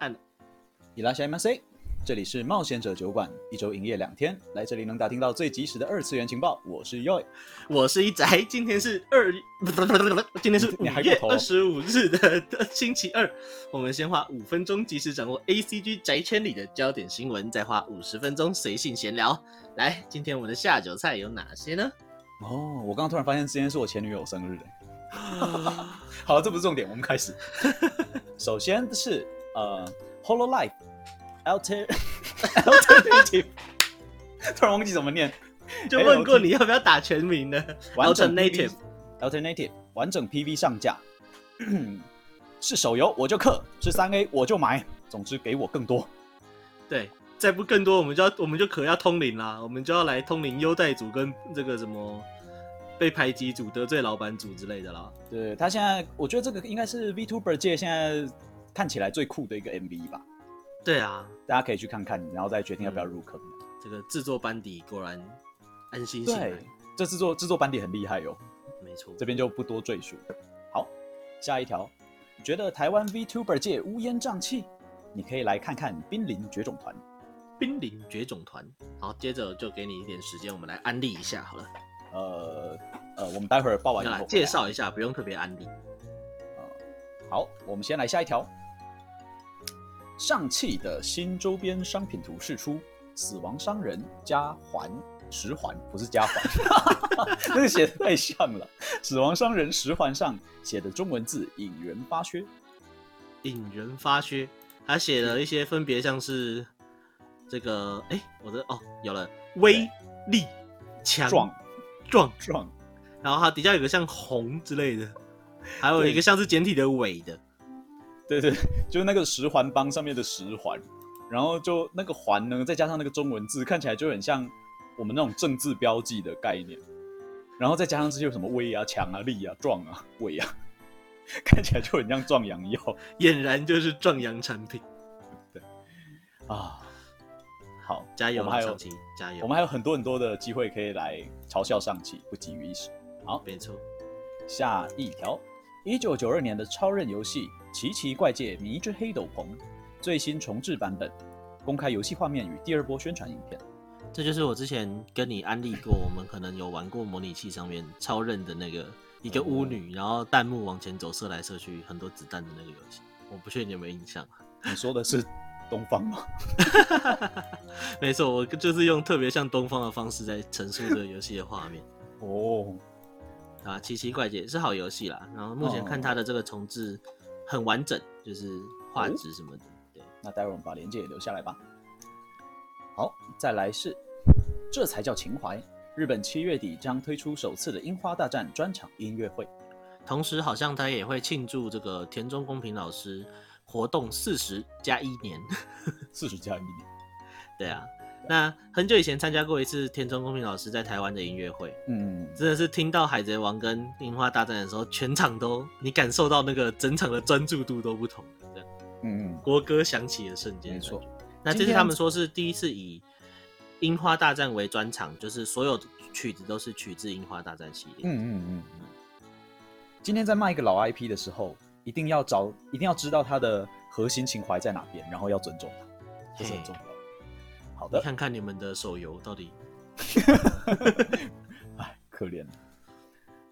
And Elash MC，這裡是冒險者酒館，一周營業兩天，來這裡能打聽到最及時的二次元情報。我是 Yoy，我是一宅。今天是二，不不不不不，今天是五月二十五日的的星期二。我們先花五分鐘即時掌握 ACG 宅圈裡的焦點新聞，再花五十分鐘隨性閒聊。來，今天我們的下酒菜有哪些呢？哦，我剛剛突然發現今天是我前女友生日的。哈哈哈。好，這不是重點，我們開始。 首先是。呃、uh,，Hololive，Alter，Alternative， 突 然忘記怎麼念，就問過你要不要打全名的， ative, 完整 Native，Alternative，完整 PV 上架，是手遊我就氪，是三 A 我就買，總之給我更多。對，再不更多，我們就要我們就可要通靈啦，我們就要來通靈優待組跟這個什麼被排擠組、得罪老板組之類的啦。對他現在，我覺得這個應該是 Vtuber 界現在。看起來最酷的一個 MV 吧，對啊，大家可以去看看，然後再決定要不要入坑。嗯、這個制作班底果然安心，對，這制作制作班底很厲害喲、哦。沒錯，這邊就不多贅述。好，下一條，覺得台灣 VTuber 界烏煙瘴氣，你可以來看看瀕臨絕種團。瀕臨絕種團。好，接着就給你一點時間，我們來安利一下好了。呃呃，我們待會兒報完以後介紹一下，不用特別安利、呃。好，我們先來下一條。尚氣的新周邊商品圖釋出，死亡商人加環十環不是加環，這 個寫的太像了。死亡商人十環上寫的中文字引人發噱，引人發噱。還寫了一些分別像是這個，哎是、欸，我的哦，有了，威對力強壯壯，然後它底下有一個像紅之類的，還有一個像是簡體的尾的。對對，就是那個十環幫上面的十環，然後就那個環呢，再加上那個中文字，看起來就很像我們那種政治標記的概念，然後再加上這些什麼威啊、強啊、力啊、壯啊、偉啊，看起來就很像壯陽藥，儼然就是壯陽產品。對，啊，好，加油！我們還有，加油！我們還有很多很多的機會可以來嘲笑尚氣，不急於一時。好，別抽錯，下一條，一九九二年的超任遊戲。奇奇怪界謎之黑斗篷最新重制版本公開遊戲畫面與第二波宣傳影片，這就是我之前跟你安利過，我們可能有玩過模擬器上面超任的那個一個巫女，哦、然後彈幕往前走射來射去很多子彈的那個遊戲。我不確定你有沒有印象、啊。你說的是東方嗎？ 沒錯，我就是用特別像東方的方式在陳述這個遊戲的畫面。哦，啊，奇奇怪界是好遊戲啦。然後目前看它的這個重置。哦很完整，就是畫質什麼的。哦、對，那待會兒我們把鏈接也留下來吧。好，再來是，這才叫情懷。日本七月底將推出首次的櫻花大戰專場音樂會，同時好像他也會慶祝這個田中公平老師活動四十加一年。四十加一年，對啊。那很久以前參加過一次田中公平老師在台灣的音樂會，嗯，真的是聽到《海賊王》跟《櫻花大戰》的時候，全場都你感受到那個整場的專注度都不同嗯嗯。國歌響起的瞬間，沒錯。那這是他們說是第一次以《櫻花大戰》為專場，就是所有曲子都是取自《櫻花大戰》系列。嗯。嗯嗯嗯，今天在賣一個老 IP 的時候，一定要找，一定要知道他的核心情懷在哪邊，然後要尊重他。就是很重要。好的，你看看你們的手遊到底。哎， 可憐。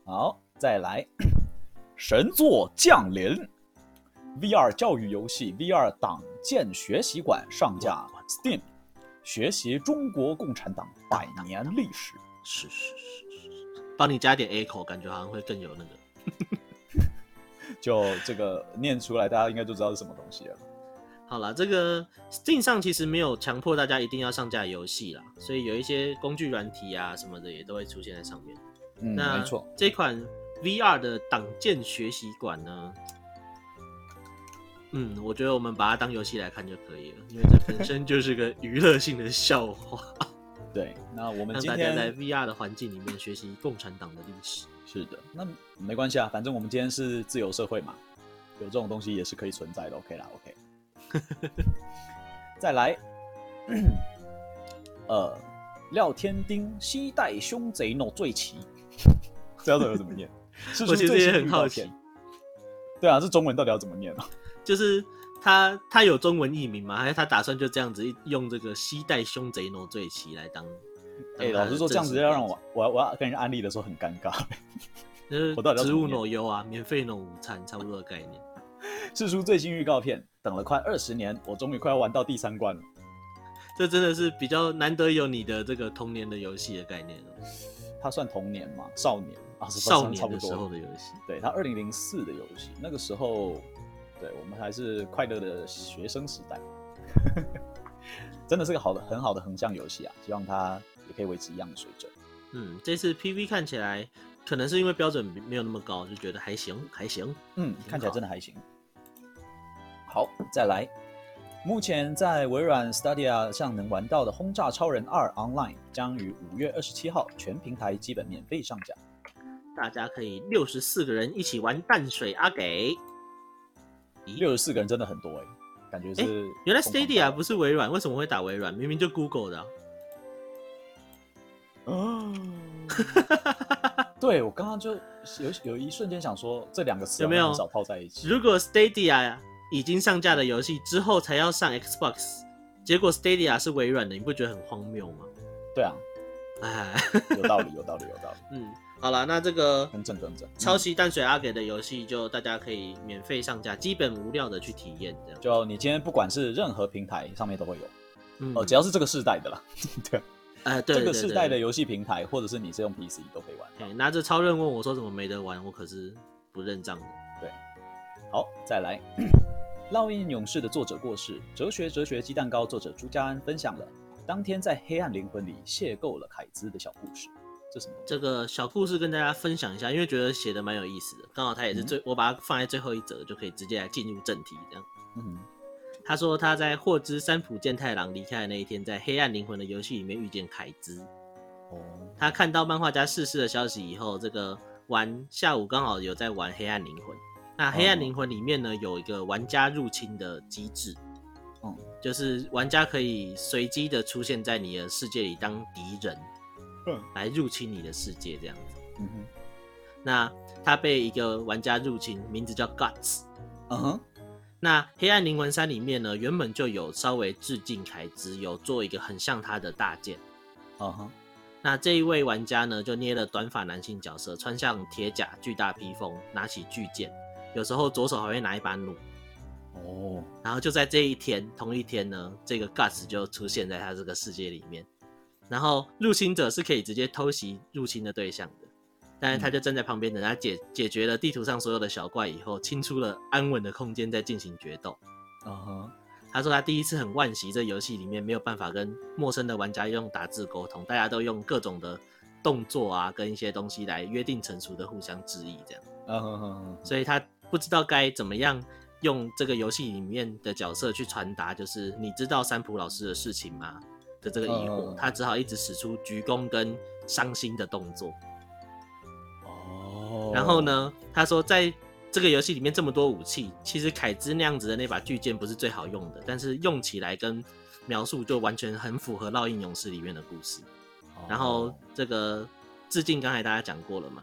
好，再來。神作降臨，VR 教育遊戲，VR 黨建學習館上架 Steam，學習中國共產黨百年歷史。是是是是是，幫你加點 echo，感覺好像會更有那個。 就這個念出來，大家應該就知道是什麼東西了。好了，這個 Steam 上其實沒有強迫大家一定要上架遊戲啦，所以有一些工具軟體啊什麼的也都會出現在上面。嗯，那沒錯錯。這款 VR 的黨建學習館呢，嗯，我覺得我們把它當遊戲來看就可以了，因為這本身就是個娛樂性的笑話。 對，那我們今天讓大家在 VR 的環境裡面學習共產黨的歷史，是的，那沒關係啊，反正我們今天是自由社會嘛，有這種東西也是可以存在的，OK 啦，OK。 再來，咳咳呃，廖添丁稀代兇賊の最期，這招都有怎麼念？我其實也很好奇。對啊，這中文到底要怎麼念、啊、就是他他有中文譯名嗎？還是他打算就這樣子用這個稀代兇賊の最期來當？哎老實說，這樣子要讓我我我要跟人安利的時候很尷尬。 就是植物挪油啊，免費挪午餐，差不多的概念。釋 出最新預告片。等了快二十年，我終於快要玩到第三關了。這真的是比較難得有你的這個童年的遊戲的概念了，它算童年嗎？少年啊，是是少年差不多的時候的遊戲。對，它二零零四的遊戲，那個時候，對我們還是快樂的學生時代。 真的是個好的很好的橫向遊戲啊！希望它也可以維持一樣的水準。嗯，這次 PV 看起來，可能是因為標準沒有那麼高，就覺得還行還行。嗯，好看起來真的還行。好，再來。目前在微軟 Stadia 上能玩到的《轟炸超人 R Online》將於五月二十七號全平台基本免費上架，大家可以六十四個人一起玩淡水阿、啊、給。咦，六十四個人真的很多哎、欸，感覺是、欸、狂狂原來 Stadia 不是微軟，為什麼會打微軟？明明就 Google 的、啊。哦， 對，我剛剛就有一有一瞬間想說這兩個詞有沒有少套在一起？有有如果 Stadia。已經上架的遊戲之後才要上 Xbox，結果 Stadia 是微軟的，你不覺得很荒謬嗎？對啊，哎唉唉， 有道理，有道理，有道理。嗯，好了，那這個很正，正，正，抄襲《淡水阿給》的遊戲就大家可以免費上架，嗯、基本無料的去體驗這樣。就你今天不管是任何平台上面都會有，哦、嗯呃，只要是這個世代的啦。 對，哎、呃，對對對對這個世代的遊戲平台或者是你是用 PC 都可以玩。拿着、欸、超任問我說怎麼沒得玩，我可是不認賬的，對。好，再來。 《烙印勇士》的作者過世，《哲學哲學雞蛋糕》作者朱家安分享了當天在《黑暗靈魂》裡邂逅了凱茲的小故事。這什麼？這個小故事跟大家分享一下，因為覺得寫的蠻有意思的。剛好他也是最，嗯、我把它放在最後一則，就可以直接來進入正題。這樣，嗯哼，他說他在獲知三浦健太郎離開的那一天，在《黑暗靈魂》的遊戲裡面遇見凱茲。哦，他看到漫畫家逝世，世的消息以後，這個玩下午剛好有在玩《黑暗靈魂》。那黑暗靈魂裡面呢，有一個玩家入侵的機制，就是玩家可以隨機的出現在你的世界裡當敵人，來入侵你的世界這樣子，嗯哼。那他被一個玩家入侵，名字叫 Guts，嗯哼。Uh huh. 那黑暗靈魂三裡面呢，原本就有稍微致敬凱茲，有做一個很像他的大劍，嗯哼、uh huh. 那這一位玩家呢，就捏了短髮男性角色，穿上鐵甲、巨大披風，拿起巨劍。有時候左手還會拿一把弩哦，oh. 然後就在這一天同一天呢，這個 Guts 就出現在他這個世界裡面。然後入侵者是可以直接偷襲入侵的對象的，但是他就站在旁邊，等他解解決了地圖上所有的小怪以後，清出了安穩的空間再進行決鬥。啊、uh huh. 他說他第一次很惋惜這遊戲裡面沒有辦法跟陌生的玩家用打字溝通，大家都用各種的動作啊，跟一些東西來約定成熟的互相致意這樣。啊哈、uh，huh. 所以他。不知道該怎麼樣用這個遊戲裡面的角色去傳達，就是你知道三浦老師的事情嗎？的這個疑惑，他只好一直使出鞠躬跟傷心的動作。哦。然後呢，他說在這個遊戲裡面這麼多武器，其實凱茲那樣子的那把巨劍不是最好用的，但是用起來跟描述就完全很符合烙印勇士裡面的故事。然後這個致敬剛才大家講過了嘛，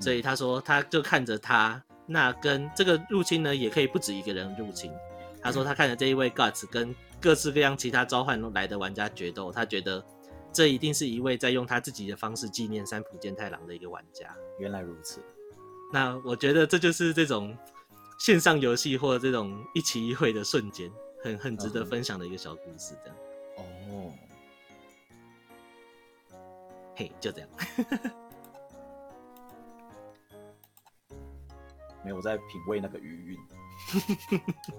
所以他說他就看着他。那跟這個入侵呢，也可以不止一個人入侵。他說他看了這一位 Guts 跟各式各樣其他召喚來的玩家決鬥，他覺得這一定是一位在用他自己的方式紀念三浦健太郎的一個玩家。原來如此，那我覺得這就是這種線上遊戲或這種一期一會的瞬間，很很值得分享的一個小故事，這樣。哦，哦，嘿，hey, 就這樣。 沒有在品味那個餘韻，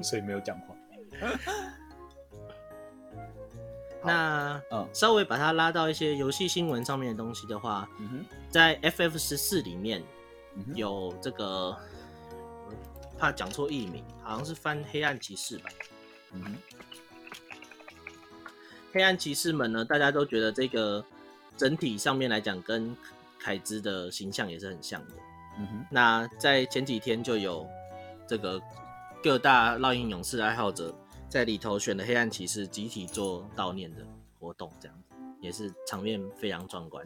所以沒有講話。 好那稍微把它拉到一些遊戲新聞上面的東西的話，嗯哼，在 FF 十四裡面有這個，嗯、哼怕講錯譯名，好像是翻黑暗騎士吧，嗯哼，黑暗騎士們呢，大家都覺得這個整體上面來講，跟凱茲的形象也是很像的。嗯哼，那在前幾天就有這個各大烙印勇士愛好者在裡頭選的黑暗騎士集體做悼念的活動，這樣子也是場面非常壯觀。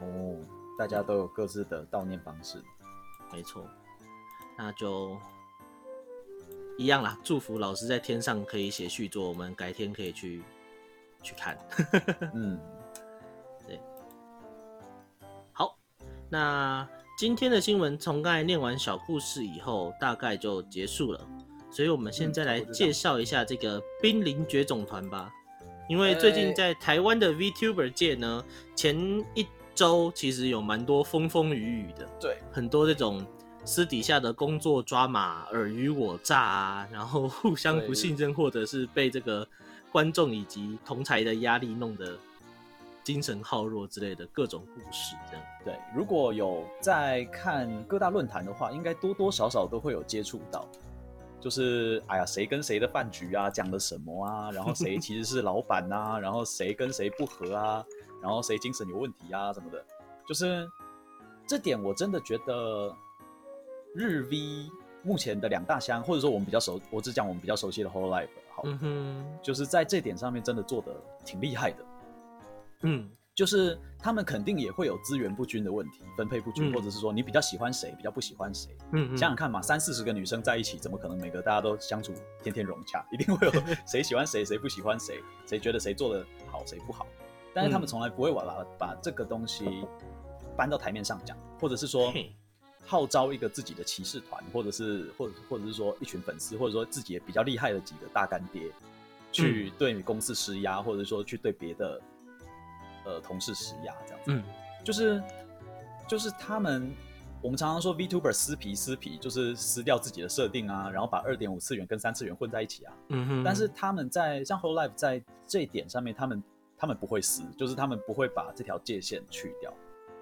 哦，大家都有各自的悼念方式，沒錯。那就一樣啦，祝福老師在天上可以寫續作，我們改天可以去去看。 嗯，對，好，那。今天的新聞從剛才念完小故事以後，大概就結束了。所以，我們現在來介紹一下這個瀕臨絕種團吧。因為最近在台灣的 VTuber 界呢，前一周其實有蠻多風風雨雨的。對，很多這種私底下的工作抓馬、爾虞我詐啊，然後互相不信任，或者是被這個觀眾以及同儕的壓力弄得。精神耗弱之類的各種故事，這樣對。如果有在看各大論壇的話，應該多多少少都會有接觸到。就是哎呀，誰跟誰的飯局啊，講的什麼啊？然後誰其實是老闆啊， 啊，然後誰跟誰不合啊？然後誰精神有問題啊？什麼的，就是這點我真的覺得日 v 目前的兩大箱，或者說我們比較熟，我只講我們比較熟悉的 Hololive，好，嗯、哼就是在這點上面真的做得挺厲害的。嗯，就是他們肯定也會有資源不均的問題，分配不均，嗯、或者是說你比較喜歡誰，比較不喜歡誰、嗯。嗯，想想看嘛，三四十個女生在一起，怎麼可能每個大家都相處天天融洽？一定會有誰喜歡誰，誰 不喜歡誰，誰覺得誰做的好，誰不好。但是他們從來不會把把這個東西搬到台面上講，或者是說號召一個自己的騎士團，或者是或者或者是說一群粉絲，或者說自己也比較厲害的幾個大乾爹，去對你公司施壓，或者說去對別的。呃，同事施壓這樣子，嗯，就是就是他們，我們常常說 Vtuber 撕皮撕皮，就是撕掉自己的設定啊，然後把二點五次元跟三次元混在一起啊，嗯哼嗯。但是他們在像 Hololive 在這一點上面，他們他們不會撕，就是他們不會把這條界限去掉。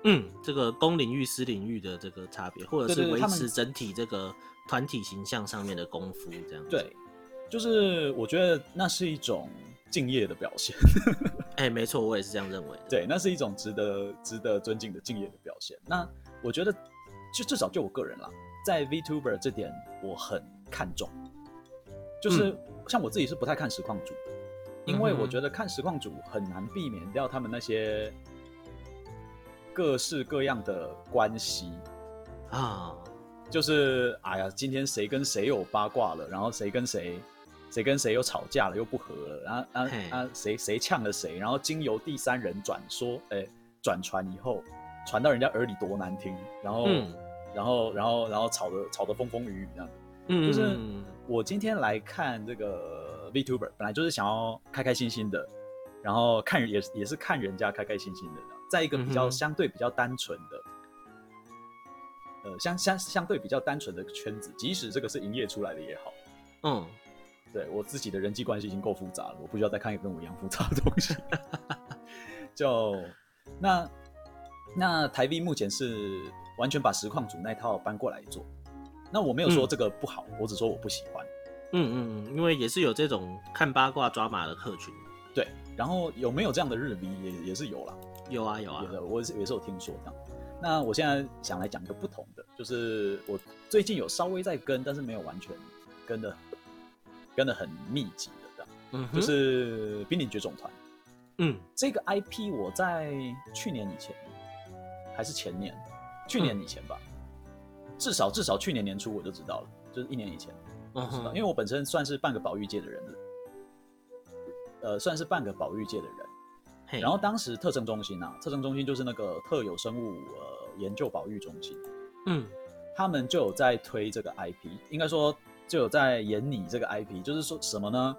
嗯，這個公領域私領域的這個差別，或者是維持整體這個團體形象上面的功夫，這樣子對，對，就是我覺得那是一種。敬業的表現，哎、欸，沒錯，我也是這樣認為 對，那是一種值得、值得尊敬的敬業的表現。那我覺得，就至少就我個人啦，在 Vtuber 這點，我很看重。就是像我自己是不太看實況主，嗯、因為我覺得看實況主很難避免掉他們那些各式各樣的關係啊。就是哎呀，今天誰跟誰有八卦了，然後誰跟誰。誰跟誰又吵架了，又不和了，然後啊啊，誰誰嗆了誰，然後經由第三人轉說，哎、欸，轉傳以後，傳到人家耳裡多難聽，然後、嗯、然後然後然後，然後吵得吵得風風雨雨這樣。嗯嗯，就是我今天來看這個 Vtuber，本來就是想要開開心心的，然後看也也是看人家開開心心的，在一個比較相對比較單純的，嗯哼呃、相相相對比較單純的圈子，即使這個是營業出來的也好，嗯、哦。對，我自己的人際關係已經夠複雜了，我不需要再看一個跟我一樣複雜的東西。 就那那台 V 目前是完全把實況主那一套搬過來做，那我沒有說這個不好，嗯、我只說我不喜歡。嗯嗯，因為也是有這種看八卦抓馬的客群。對，然後有沒有這樣的日 V 也也是有啦，有啊有啊。有，啊有的，我也是，也是有聽說這樣。那我現在想來講一個不同的，就是我最近有稍微在跟，但是沒有完全跟的。跟得很密集的這樣，嗯、哼就是冰瀕臨絕種團。嗯，這個 IP 我在去年以前，還是前年，去年以前吧，嗯、至少至少去年年初我就知道了，就是一年以前我知道，嗯、哼因為我本身算是半個保育界的人了，呃，算是半個保育界的人。嘿然後當時特生中心啊，特生中心就是那個特有生物呃研究保育中心，嗯，他們就有在推這個 IP，應該說。就有在演你這個 IP，就是說什麼呢？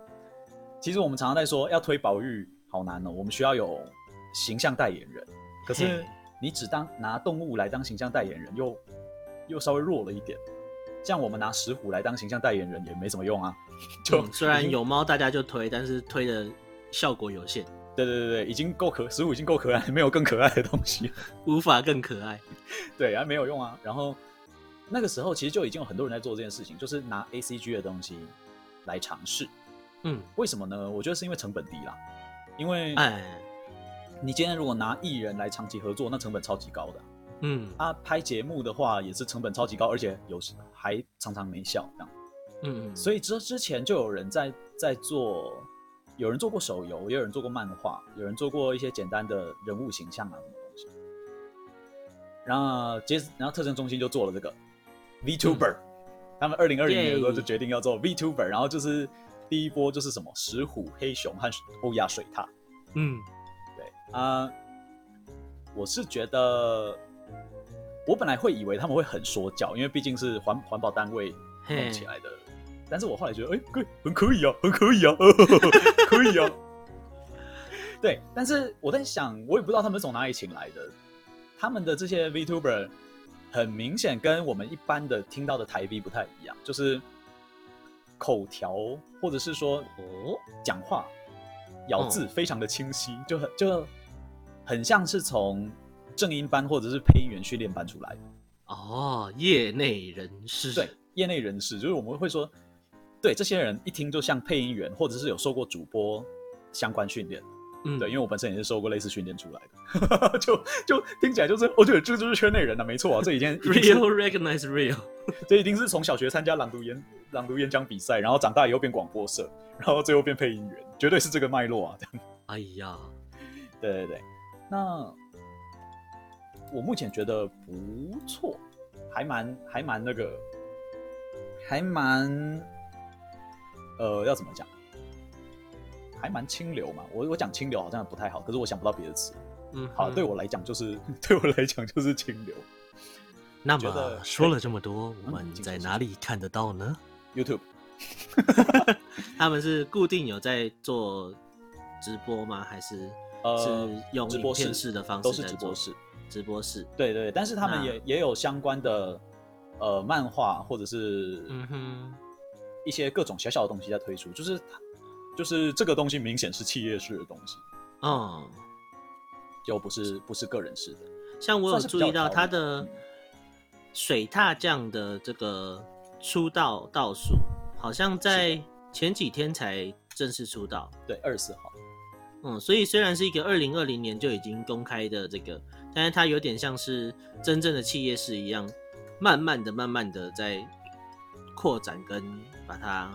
其實我們常常在說要推保育好難了，哦，我們需要有形象代言人。可是你只當拿動物來當形象代言人，又又稍微弱了一點。像我們拿石虎來當形象代言人也沒什麼用啊。就，嗯、雖然有貓大家就推，但是推的效果有限。對對對對，已經夠可，石虎已經夠可愛，沒有更可愛的東西，無法更可愛。對，啊沒有用啊，然後。那個時候其實就已經有很多人在做這件事情，就是拿 ACG 的東西來嘗試。嗯，為什麼呢？我覺得是因為成本低啦。因為哎，你今天如果拿藝人來長期合作，那成本超級高的。嗯，啊，拍節目的話也是成本超級高，而且有時還常常沒效這樣。嗯，所以之之前就有人在在做，有人做過手遊，也有人做過漫畫，有人做過一些簡單的人物形象啊什麼東西。然後接，然後特徵中心就做了這個。Vtuber、嗯、他們二零二零年的時候就決定要做 Vtuber，對然後就是第一波就是什麼石虎、黑熊和歐亞水獺。嗯，對啊、呃，我是覺得，我本來會以為他們會很說教，因為畢竟是環環保單位弄起來的。嘿但是我後來覺得，哎、欸，可以，很可以啊，很可以啊，呵呵可以啊。 對，但是我在想，我也不知道他們從哪裡請來的，他們的這些 Vtuber。很明顯，跟我們一般的聽到的台幣不太一樣，就是口條或者是說哦講話，咬字非常的清晰，嗯、就很就很像是從正音班或者是配音員訓練班出來的。哦，業內人士，對業內人士，就是我們會說，對這些人一聽就像配音員，或者是有受過主播相關訓練。嗯，對，因為我本身也是受過類似訓練出來的， 就就聽起來就是，我覺得這就是圈內人了，沒錯啊，這已經是 real recognize real，這一定是從小學參加朗讀演朗讀演講比賽，然後長大以後變廣播社，然後最後變配音員，絕對是這個脈絡啊，這樣。哎呀，對對對，那我目前覺得不錯，還蠻還蠻那個，還蠻呃，要怎麼講？還蠻清流嘛，我我講清流好像不太好，可是我想不到別的詞。嗯哼，好，對我來講就是對我來講就是清流。那麼說了這麼多，嗯、我們在哪裡看得到呢？YouTube， 他們是固定有在做直播嗎？還是，是呃，用直播室式的方式？都是直播室，直播室。對，對對，但是他們也那也有相關的呃漫畫或者是、嗯、哼一些各種小小的東西在推出，就是。就是這個東西明顯是企業式的東西，嗯，又不是不是個人式的。像我有注意到他的水踏醬的這個出道倒數，好像在前幾天才正式出道，對，二十四號。嗯，所以雖然是一個二零二零年就已經公開的這個，但是它有點像是真正的企業式一樣，慢慢的、慢慢的在擴展跟把它。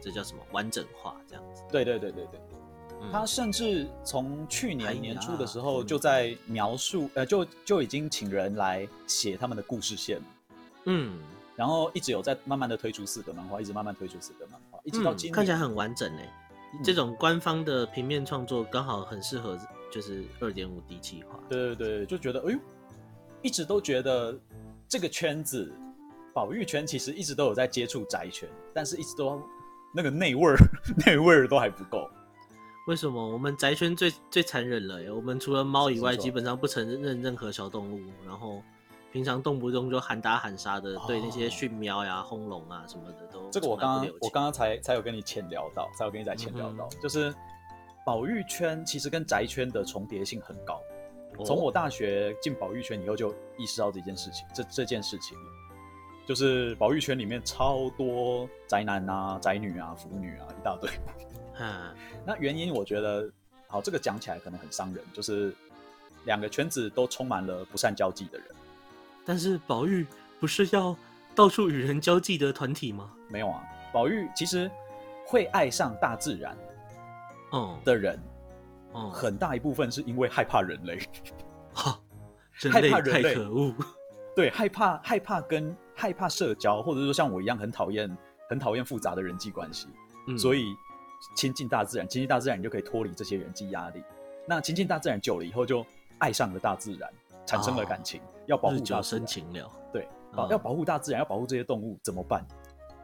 這叫什麼完整化？這樣子。對對對對對。嗯、他甚至從去年年初的時候就在描述，呃，就就已經請人來寫他們的故事線。嗯。然後一直有在慢慢的推出四個漫畫，一直慢慢推出四個漫畫，一直到今天。嗯。看起來很完整呢，嗯、這種官方的平面創作剛好很適合，就是二點五 D 計劃。對，對對對，就覺得哎呦，一直都覺得這個圈子，保育圈其實一直都有在接觸宅圈，但是一直都。那個內味兒，內味兒都還不夠。為什麼我們宅圈最最殘忍了？我們除了貓以外，基本上不承認任何小動物。是是，然後平常動不動就喊打喊殺的，哦、對那些訓喵呀、轟龍啊什麼的都滿不留情的。這個我剛剛我剛剛才才有跟你淺聊到，才有跟你在淺聊到，嗯、哼就是保育圈其實跟宅圈的重疊性很高。從、哦、我大學進保育圈以後，就意識到這件事情，嗯、這這件事情。就是保育圈裡面超多宅男啊、宅女啊、腐女啊一大堆， 啊，那原因我覺得，好，這個講起來可能很傷人，就是兩個圈子都充滿了不善交際的人。但是保育不是要到處與人交際的團體嗎？沒有啊，保育其實會愛上大自然，的人，嗯，很大一部分是因為害怕人類，哈 啊，真的類，害怕人類太可惡，對，害怕害怕跟。害怕社交，或者說像我一樣很討厭、很討厭複雜的人際關係，嗯、所以親近大自然，親近大自然你就可以脫離這些人際壓力。那親近大自然久了以後，就愛上了大自然，產生了感情，啊、要保護大自然。日久深情了。對，保啊、要保護大自然，要保護這些動物怎麼辦？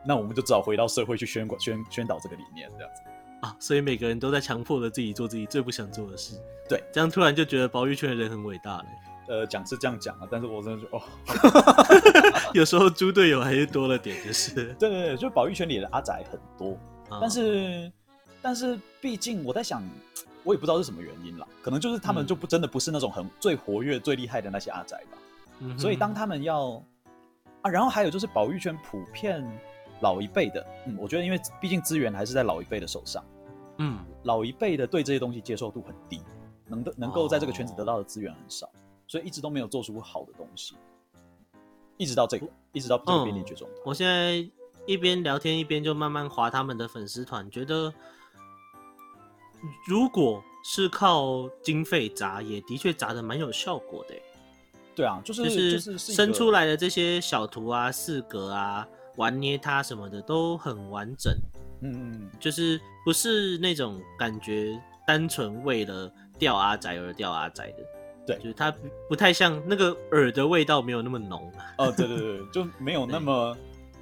那我們就只好回到社會去宣宣，宣導這個理念，這樣子。啊，所以每個人都在強迫着自己做自己最不想做的事。對，這樣突然就覺得保育圈的人很偉大了、欸。呃，講是這樣講啊，但是我真的說，哦， 有時候豬隊友還是多了點，就是 對對對，就保育圈裡的阿宅很多，但是、哦、但是，畢竟我在想，我也不知道是什麼原因啦，可能就是他們就不、嗯、真的不是那種很最活躍、最厲害的那些阿宅吧。嗯、哼所以當他們要啊，然後還有就是保育圈普遍老一輩的，嗯，我覺得因為畢竟資源還是在老一輩的手上，嗯，老一輩的對這些東西接受度很低，能能夠在這個圈子得到的資源很少。所以一直都沒有做出好的東西，一直到這個，一直到這個瀕臨絕種。我現在一邊聊天一邊就慢慢滑他們的粉絲團，覺得如果是靠經費砸，也的確砸得蠻有效果的。對啊，就是、就是生出來的這些小圖啊、四格啊、玩捏他什麼的都很完整。嗯，嗯嗯，就是不是那種感覺單純為了釣阿宅而釣阿宅的。對，就是它不太像那個餌的味道，沒有那麼濃 哦，對對對，就沒有那麼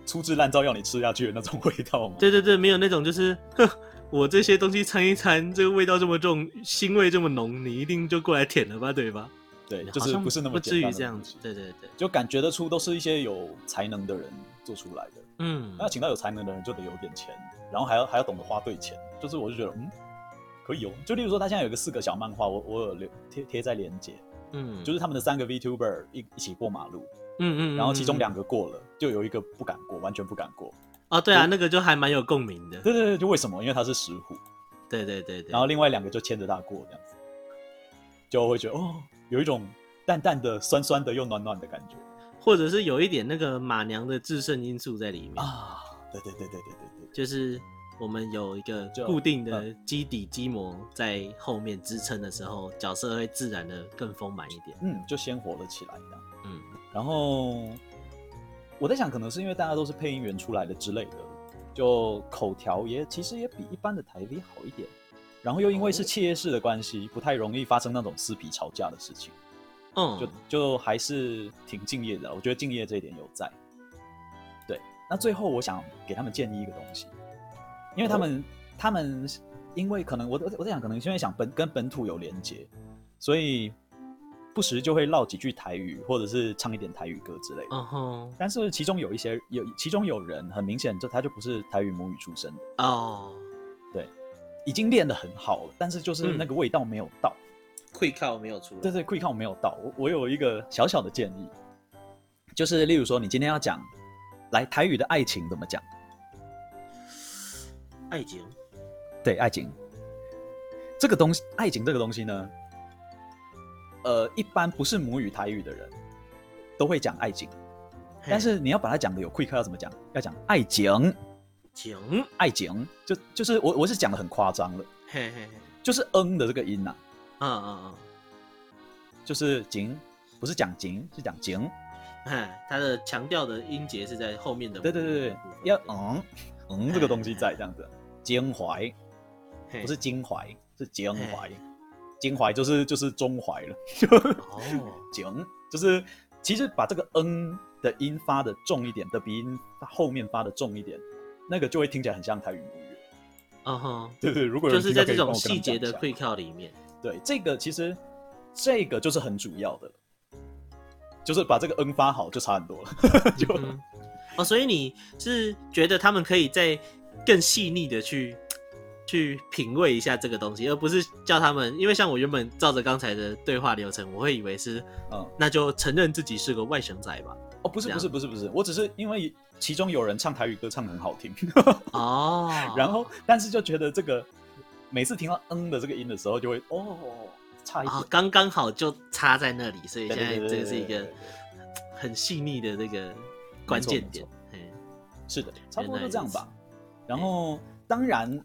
粗制濫造要你吃下去的那種味道嘛。對對對，沒有那種就是，呵我這些東西摻一摻，這個味道這麼重，腥味這麼濃，你一定就過來舔了吧，對吧？對，就是不是那麼的，不至於這樣子。對對對，就感覺得出都是一些有才能的人做出來的。嗯，那請到有才能的人就得有點錢，然後還要還要懂得花對錢。就是我就覺得，嗯。可以哦，就例如說，他現在有個四個小漫畫，我我有留貼貼在連結，嗯，就是他們的三個 Vtuber 一一起過馬路，嗯嗯，嗯，嗯嗯，然後其中兩個過了，就有一個不敢過，完全不敢過，啊、哦，對啊，所以那個就還蠻有共鳴的，對對對，就為什麼？因為他是石虎，對對對對，然後另外兩個就牽着他過這樣子，就會覺得哦，有一種淡淡的酸酸的又暖暖的感覺，或者是有一點那個馬娘的自勝因素在裡面啊，對對對對對對對，對，對，就是。我們有一個固定的基底基膜在後面支撐的時候，嗯、角色會自然的更豐滿一點，嗯，就鮮活了起來嗯。然後我在想，可能是因為大家都是配音員出來的之類的，就口條也其實也比一般的台 V 好一點。然後又因為是企業勢的關係，不太容易發生那種撕皮吵架的事情，嗯，就就還是挺敬業的。我覺得敬業這一點有在。對，那最後我想給他們建議一個東西。因為他們，哦、他們因為可能，我我在想，可能因為想本跟本土有連接，所以不時就會嘮幾句台語，或者是唱一點台語歌之類的。哦、哼但是其中有一些，有其中有人很明顯，就他就不是台語母語出身的哦。對，已經練得很好了，但是就是那個味道沒有到。氣口沒有出。對，對對，氣口沒有到。我我有一個小小的建議，就是例如說，你今天要講來台語的愛情怎麼講？愛情，對愛情。這個東西，愛情這個東西呢，呃，一般不是母語台語的人，都會講愛情，嘿但是你要把它講的有 quick 要怎麼講？要講愛情。情，愛情，就就是我我是講的很誇張了，嘿嘿嘿就是嗯的這個音吶、啊嗯，嗯嗯嗯，就是情，不是講情是講情，它的強調的音節是在後面的，的，對對對對，要嗯嗯這個東西在這樣子。嘿嘿嘿江淮，不是金懷，Hey. 是京淮，金懷 Hey. 就是就是中懷了。哦，京就是其實把這個“恩”的音發的重一點，的鼻音它後面發的重一點，那個就會聽起來很像台語嗯哼，oh. 對,對對，如果有就是在這種細節的對照裡面，對這個其實這個就是很主要的，就是把這個“恩”發好就差很多了。 就哦，mm hmm. oh, 所以你是覺得他們可以在。更細膩的去去品味一下這個東西，而不是叫他們。因為像我原本照着剛才的對話流程，我會以為是，嗯、那就承認自己是個外省仔吧。哦，不是，樣不是，不是，不是，我只是因為其中有人唱台語歌唱的很好聽 哦，然後但是就覺得這個每次聽到嗯的這個音的時候，就會哦差一點、哦，剛剛好就插在那裡，所以現在這個是一個很細膩的這個關鍵點。嘿是的，差不多就這樣吧。然後，當然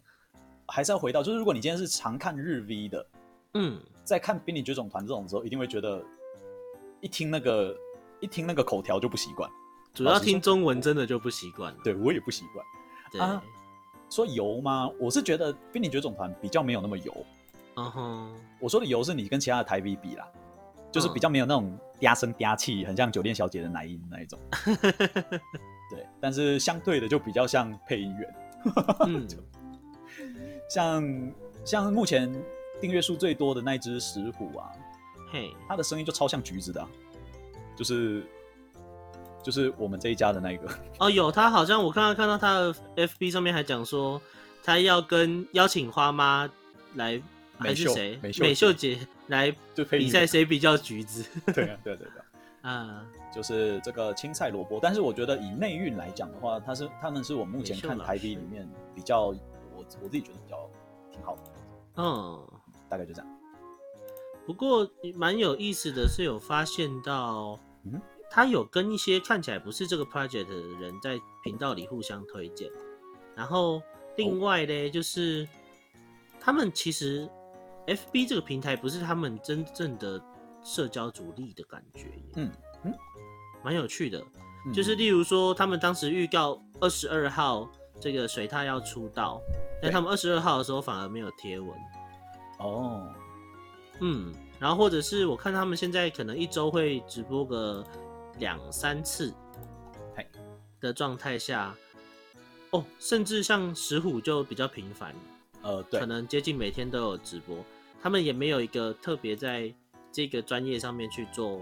還是要回到，就是如果你今天是常看日 V 的，嗯，在看《瀕臨絕種團》這種時候，一定會覺得一聽那個一聽那個口條就不習慣，主要聽中文真的就不習慣。對，我也不習慣。對、啊，說油嗎？我是覺得《瀕臨絕種團》比較沒有那麼油。嗯哼、uh，huh. 我說的油是你跟其他的台 V 比啦，uh huh. 就是比較沒有那種嗲聲嗲氣，很像酒店小姐的奶音那一種。 對，但是相對的就比較像配音員。哈， 像、嗯、像目前訂閱數最多的那隻石虎啊，嘿，它的聲音就超像橘子的，啊，就是就是我們這一家的那個。哦，有他好像我剛剛看到他的 FB 上面還講說，他要跟邀請花媽來，美秀，還是誰？美秀，美秀姐來比賽誰比較橘子？對啊，對對對。啊，嗯、就是這個青菜蘿蔔，但是我覺得以內運來講的話，他是他們是我目前看的 ID 裡面比較，我我自己覺得比較挺好的。嗯，大概就這樣。不過蠻有意思的是，有發現到，嗯哼，他有跟一些看起來不是這個 project 的人在頻道裡互相推薦。然後另外呢，哦、就是他們其實 FB 這個平台不是他們真正的。社交主力的感覺，嗯蠻有趣的，就是例如說，他們當時預告二十二號這個水獺要出道，但他們二十二號的時候反而沒有貼文，哦，嗯，然後或者是我看他們現在可能一周會直播個兩三次，的狀態下，哦，甚至像石虎就比較頻繁，呃，對，可能接近每天都有直播，他們也沒有一個特別在。這個專業上面去做，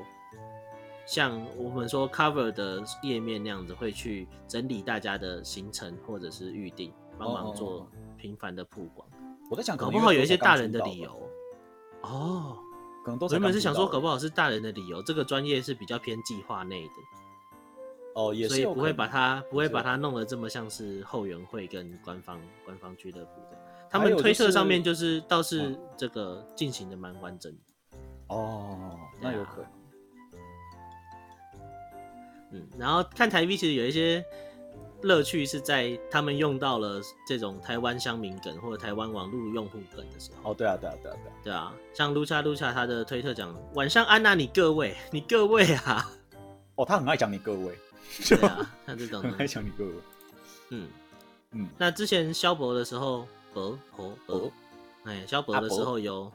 像我們說 cover 的頁面那樣子，會去整理大家的行程或者是預定，幫忙做頻繁的曝光。我在想，搞不好有一些大人的理由。Oh, 哦，原本是想說，搞不好是大人的理由。這個專業是比較偏計劃內的，哦、oh，所以不會把它不會把它弄得這麼像是後援會跟官方官方俱樂部的。他們推特上面就是，是倒是這個進行的蠻完整的。哦，那有可能。啊、嗯，然後看台 V，其實有一些樂趣是在他們用到了這種台灣鄉民梗，或者台灣網絡用戶梗的時候。哦，對啊，對啊，對啊，對啊，對啊，像 Lucia Lucia 他的推特講晚上安娜，你各位你各位啊，哦，他很愛講你各位， 對啊，他這種很愛講你各位，嗯嗯。嗯嗯，那之前蕭伯的時候，伯伯伯，哎，蕭伯的時候有。伯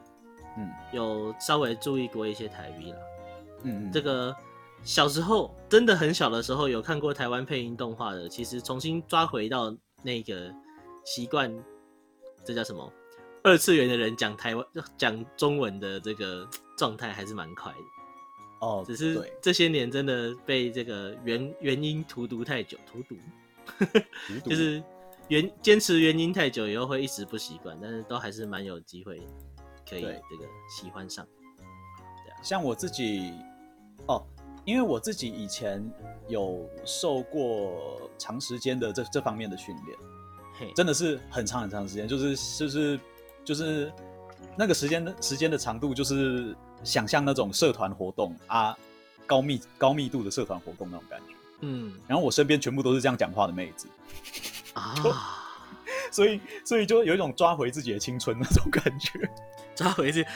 嗯，有稍微注意過一些台語啦。嗯，嗯，這個小時候真的很小的時候有看過台灣配音動畫的，其實重新抓回到那個習慣，這叫什麼？二次元的人講台灣、講中文的這個狀態還是蠻快的。哦，只是這些年真的被這個原原音荼毒太久，荼毒，讀 就是原堅持原音太久以後會一直不習慣，但是都還是蠻有機會的。對這個喜歡上，像我自己哦，因為我自己以前有受過長時間的這這方面的訓練，嘿真的是很長很長時間，就是就是就是那個時間的時間的長度，就是想象那種社團活動啊，高密高密度的社團活動那種感覺，嗯，然後我身邊全部都是這樣講話的妹子啊。所以，所以就有一種抓回自己的青春那種感覺，抓回去、啊，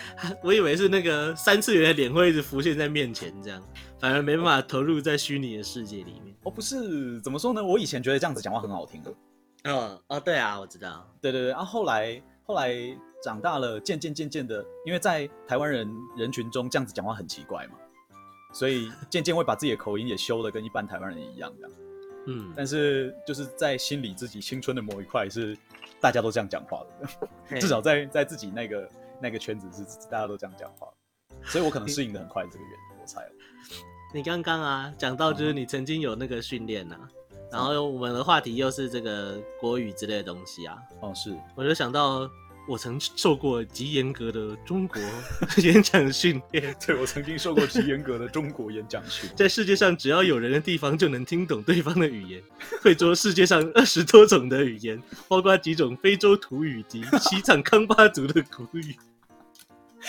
我以為是那個三次元的臉會一直浮現在面前，這樣反而沒辦法投入在虛擬的世界裡面。哦，不是，怎麼說呢？我以前覺得這樣子講話很好聽的。哦啊、哦，對啊，我知道，對對對。然、啊、後後來，後來長大了，漸漸漸漸的，因為在台灣人人群中這樣子講話很奇怪嘛，所以漸漸會把自己的口音也修得跟一般台灣人一樣，這樣。嗯，但是就是在心裡自己青春的某一塊是。大家都這樣講話的，Hey. 至少在在自己那個那個圈子是大家都這樣講話，所以我可能適應得很快，這個原因 我猜了。你剛剛啊講到就是你曾經有那個訓練啊，嗯、然後我們的話題又是這個國語之類的東西啊，哦是，我就想到。我曾受過極嚴格的中國演講訓練。對，我曾經受過極嚴格的中國演講訓 在世界上，只要有人的地方，就能聽懂對方的語言。會說世界上二十多種的語言，包括幾種非洲土語及西藏康巴族的古語。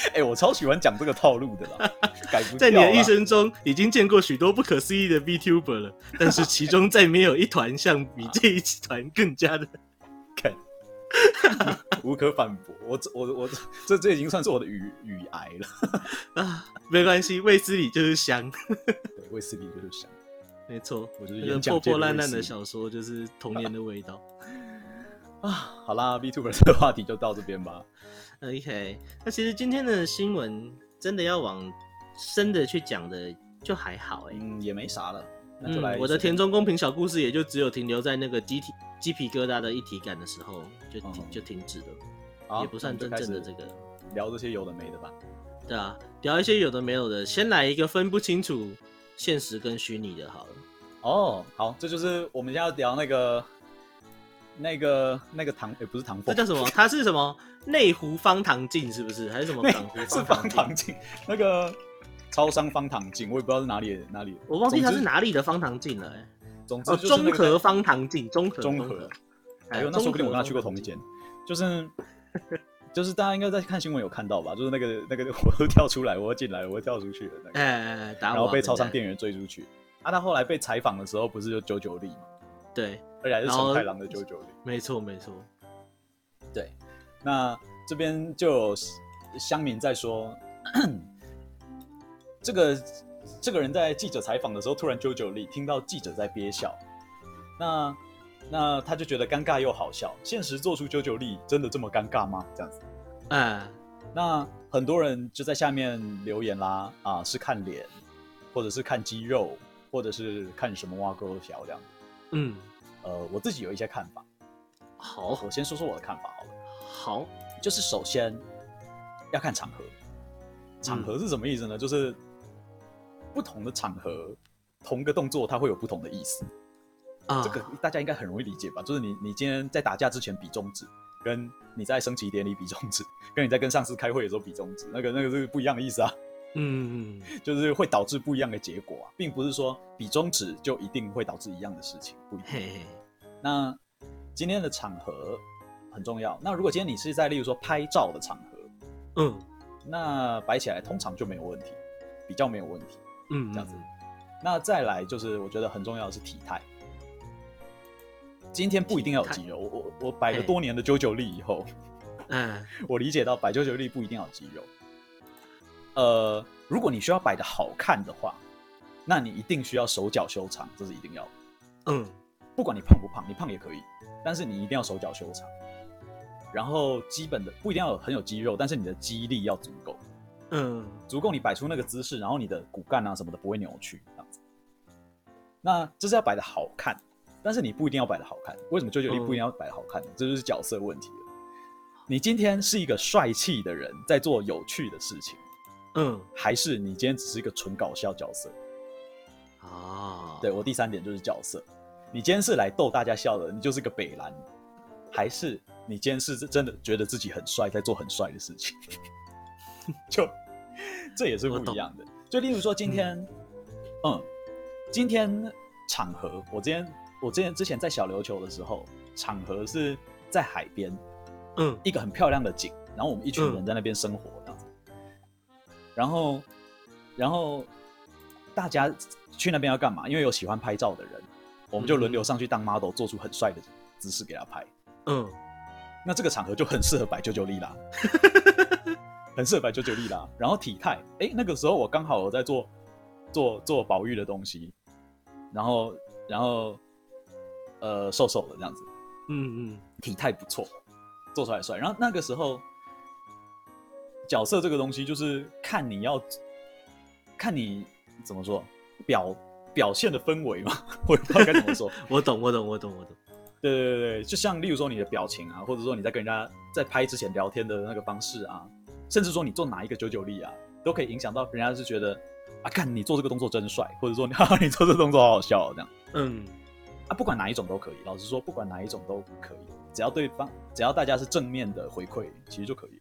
哎、 欸，我超喜歡講這個套路的啦！ 啦，在你的一生中，已經見過許多不可思議的 VTuber 了，但是其中再沒有一團像比這一團更加的 、okay. 無可反駁，我，我，我這我我這這已經算是我的語語癌了 啊！沒關係，衛斯理就是香， 對，衛斯理就是香，沒錯。我就是一個破破爛爛的小說就是童年的味道 啊！好啦，B two 的這個話題就到這邊吧。OK，那其實今天的新聞真的要往深的去講的就還好，欸，嗯，也沒啥了。嗯、我的田中公平小故事也就只有停留在那個雞雞皮疙瘩的一體感的時候，就停、哦、就停止了，哦、也不算真正的這個。嗯、聊這些有的沒的吧？對啊，聊一些有的沒有的。先來一個分不清楚現實跟虛擬的，好了。哦，好，這就是我們要聊那個那個那個唐，哎、欸，不是唐鳳，那叫什麼？它是什麼？內湖方唐鏡是不是？還是什麼唐？是方唐鏡那個。超商方糖鏡，我也不知道是哪裡哪裡，我忘記它是哪裡的方糖鏡了。哎，總之中和方糖鏡，中和中和。哎呦，那說不定我跟他去過同一間，就是就是大家應該在看新聞有看到吧？就是那個那個，我都跳出來，我又進來，我又跳出去了。哎，然後被超商店員追出去。那他後來被採訪的時候，不是就九九里嗎？對，而且是陳太郎的九九里。沒錯沒錯，對。那這邊就有鄉民在說。這個這個人在記者採訪的時候，突然 JOJO 立聽到記者在憋笑，那那他就覺得尷尬又好笑。現實做出 JOJO 立，真的這麼尷尬嗎？這樣子，嗯，那很多人就在下面留言啦，啊、呃，是看臉，或者是看肌肉，或者是看什麼挖溝小這樣。嗯，呃，我自己有一些看法。好，我先說說我的看法好了。好，就是首先要看場合，場合是什麼意思呢？就是。不同的場合，同個動作它會有不同的意思。啊，oh. 這個大家應該很容易理解吧？就是你，你今天在打架之前比中指，跟你在升旗典禮比中指，跟你在跟上司開會的時候比中指，那個那個是不一樣的意思啊。嗯，mm. 就是會導致不一樣的結果啊，並不是說比中指就一定會導致一樣的事情，不一樣。Hey. 那今天的場合很重要。那如果今天你是在，例如說拍照的場合，嗯，mm. 那擺起來通常就沒有問題，比較沒有問題。嗯，這樣子。嗯嗯嗯，那再來就是，我覺得很重要的是體態。今天不一定要有肌肉，態我我我擺了多年的啾啾力以後，嗯嘿， 我理解到擺啾啾力不一定要有肌肉。呃，如果你需要擺的好看的話，那你一定需要手腳修長，這、就是一定要的。嗯，不管你胖不胖，你胖也可以，但是你一定要手腳修長。然後基本的不一定要有很有肌肉，但是你的肌力要足夠。嗯，足夠你擺出那個姿勢，然後你的骨幹啊什麼的不會扭曲這樣子，那就是要擺得好看，但是你不一定要擺得好看。為什麼周九一不一定要擺得好看呢？嗯、這就是角色問題了。你今天是一個帥氣的人，在做有趣的事情，嗯，還是你今天只是一個純搞笑角色啊？對，我第三點就是角色。你今天是來逗大家笑的，你就是一個北蘭，還是你今天是真的覺得自己很帥，在做很帥的事情？ 就這也是不一樣的。就例如說今天，嗯，今天場合，我今天我今天之前在小琉球的時候，場合是在海邊，嗯，一個很漂亮的景，然後我們一群人在那邊生活，嗯、然後，然後大家去那邊要幹嘛？因為有喜歡拍照的人，我們就輪流上去當 model，做出很帥的姿勢給他拍。嗯，那這個場合就很適合擺舅舅麗拉。 很色白九九力啦。然後體態，哎，那個時候我剛好我在做做做保育的東西，然後然後呃瘦瘦的這樣子，嗯嗯，體態不錯，做出來帥。然後那個時候角色這個東西就是看你要看你怎麼做表表現的氛圍嘛，我也不知道該怎麼說。 我懂，我懂，我懂，我懂。對，對對對，就像例如說你的表情啊，或者說你在跟人家在拍之前聊天的那個方式啊。甚至說你做哪一個九九力啊，都可以影響到人家是覺得啊，看你做這個動作真帥，或者說你，哈哈你做這個動作好好笑，哦、這樣。嗯，啊，不管哪一種都可以。老實說，不管哪一種都可以，只要對方，只要大家是正面的回饋，其實就可以。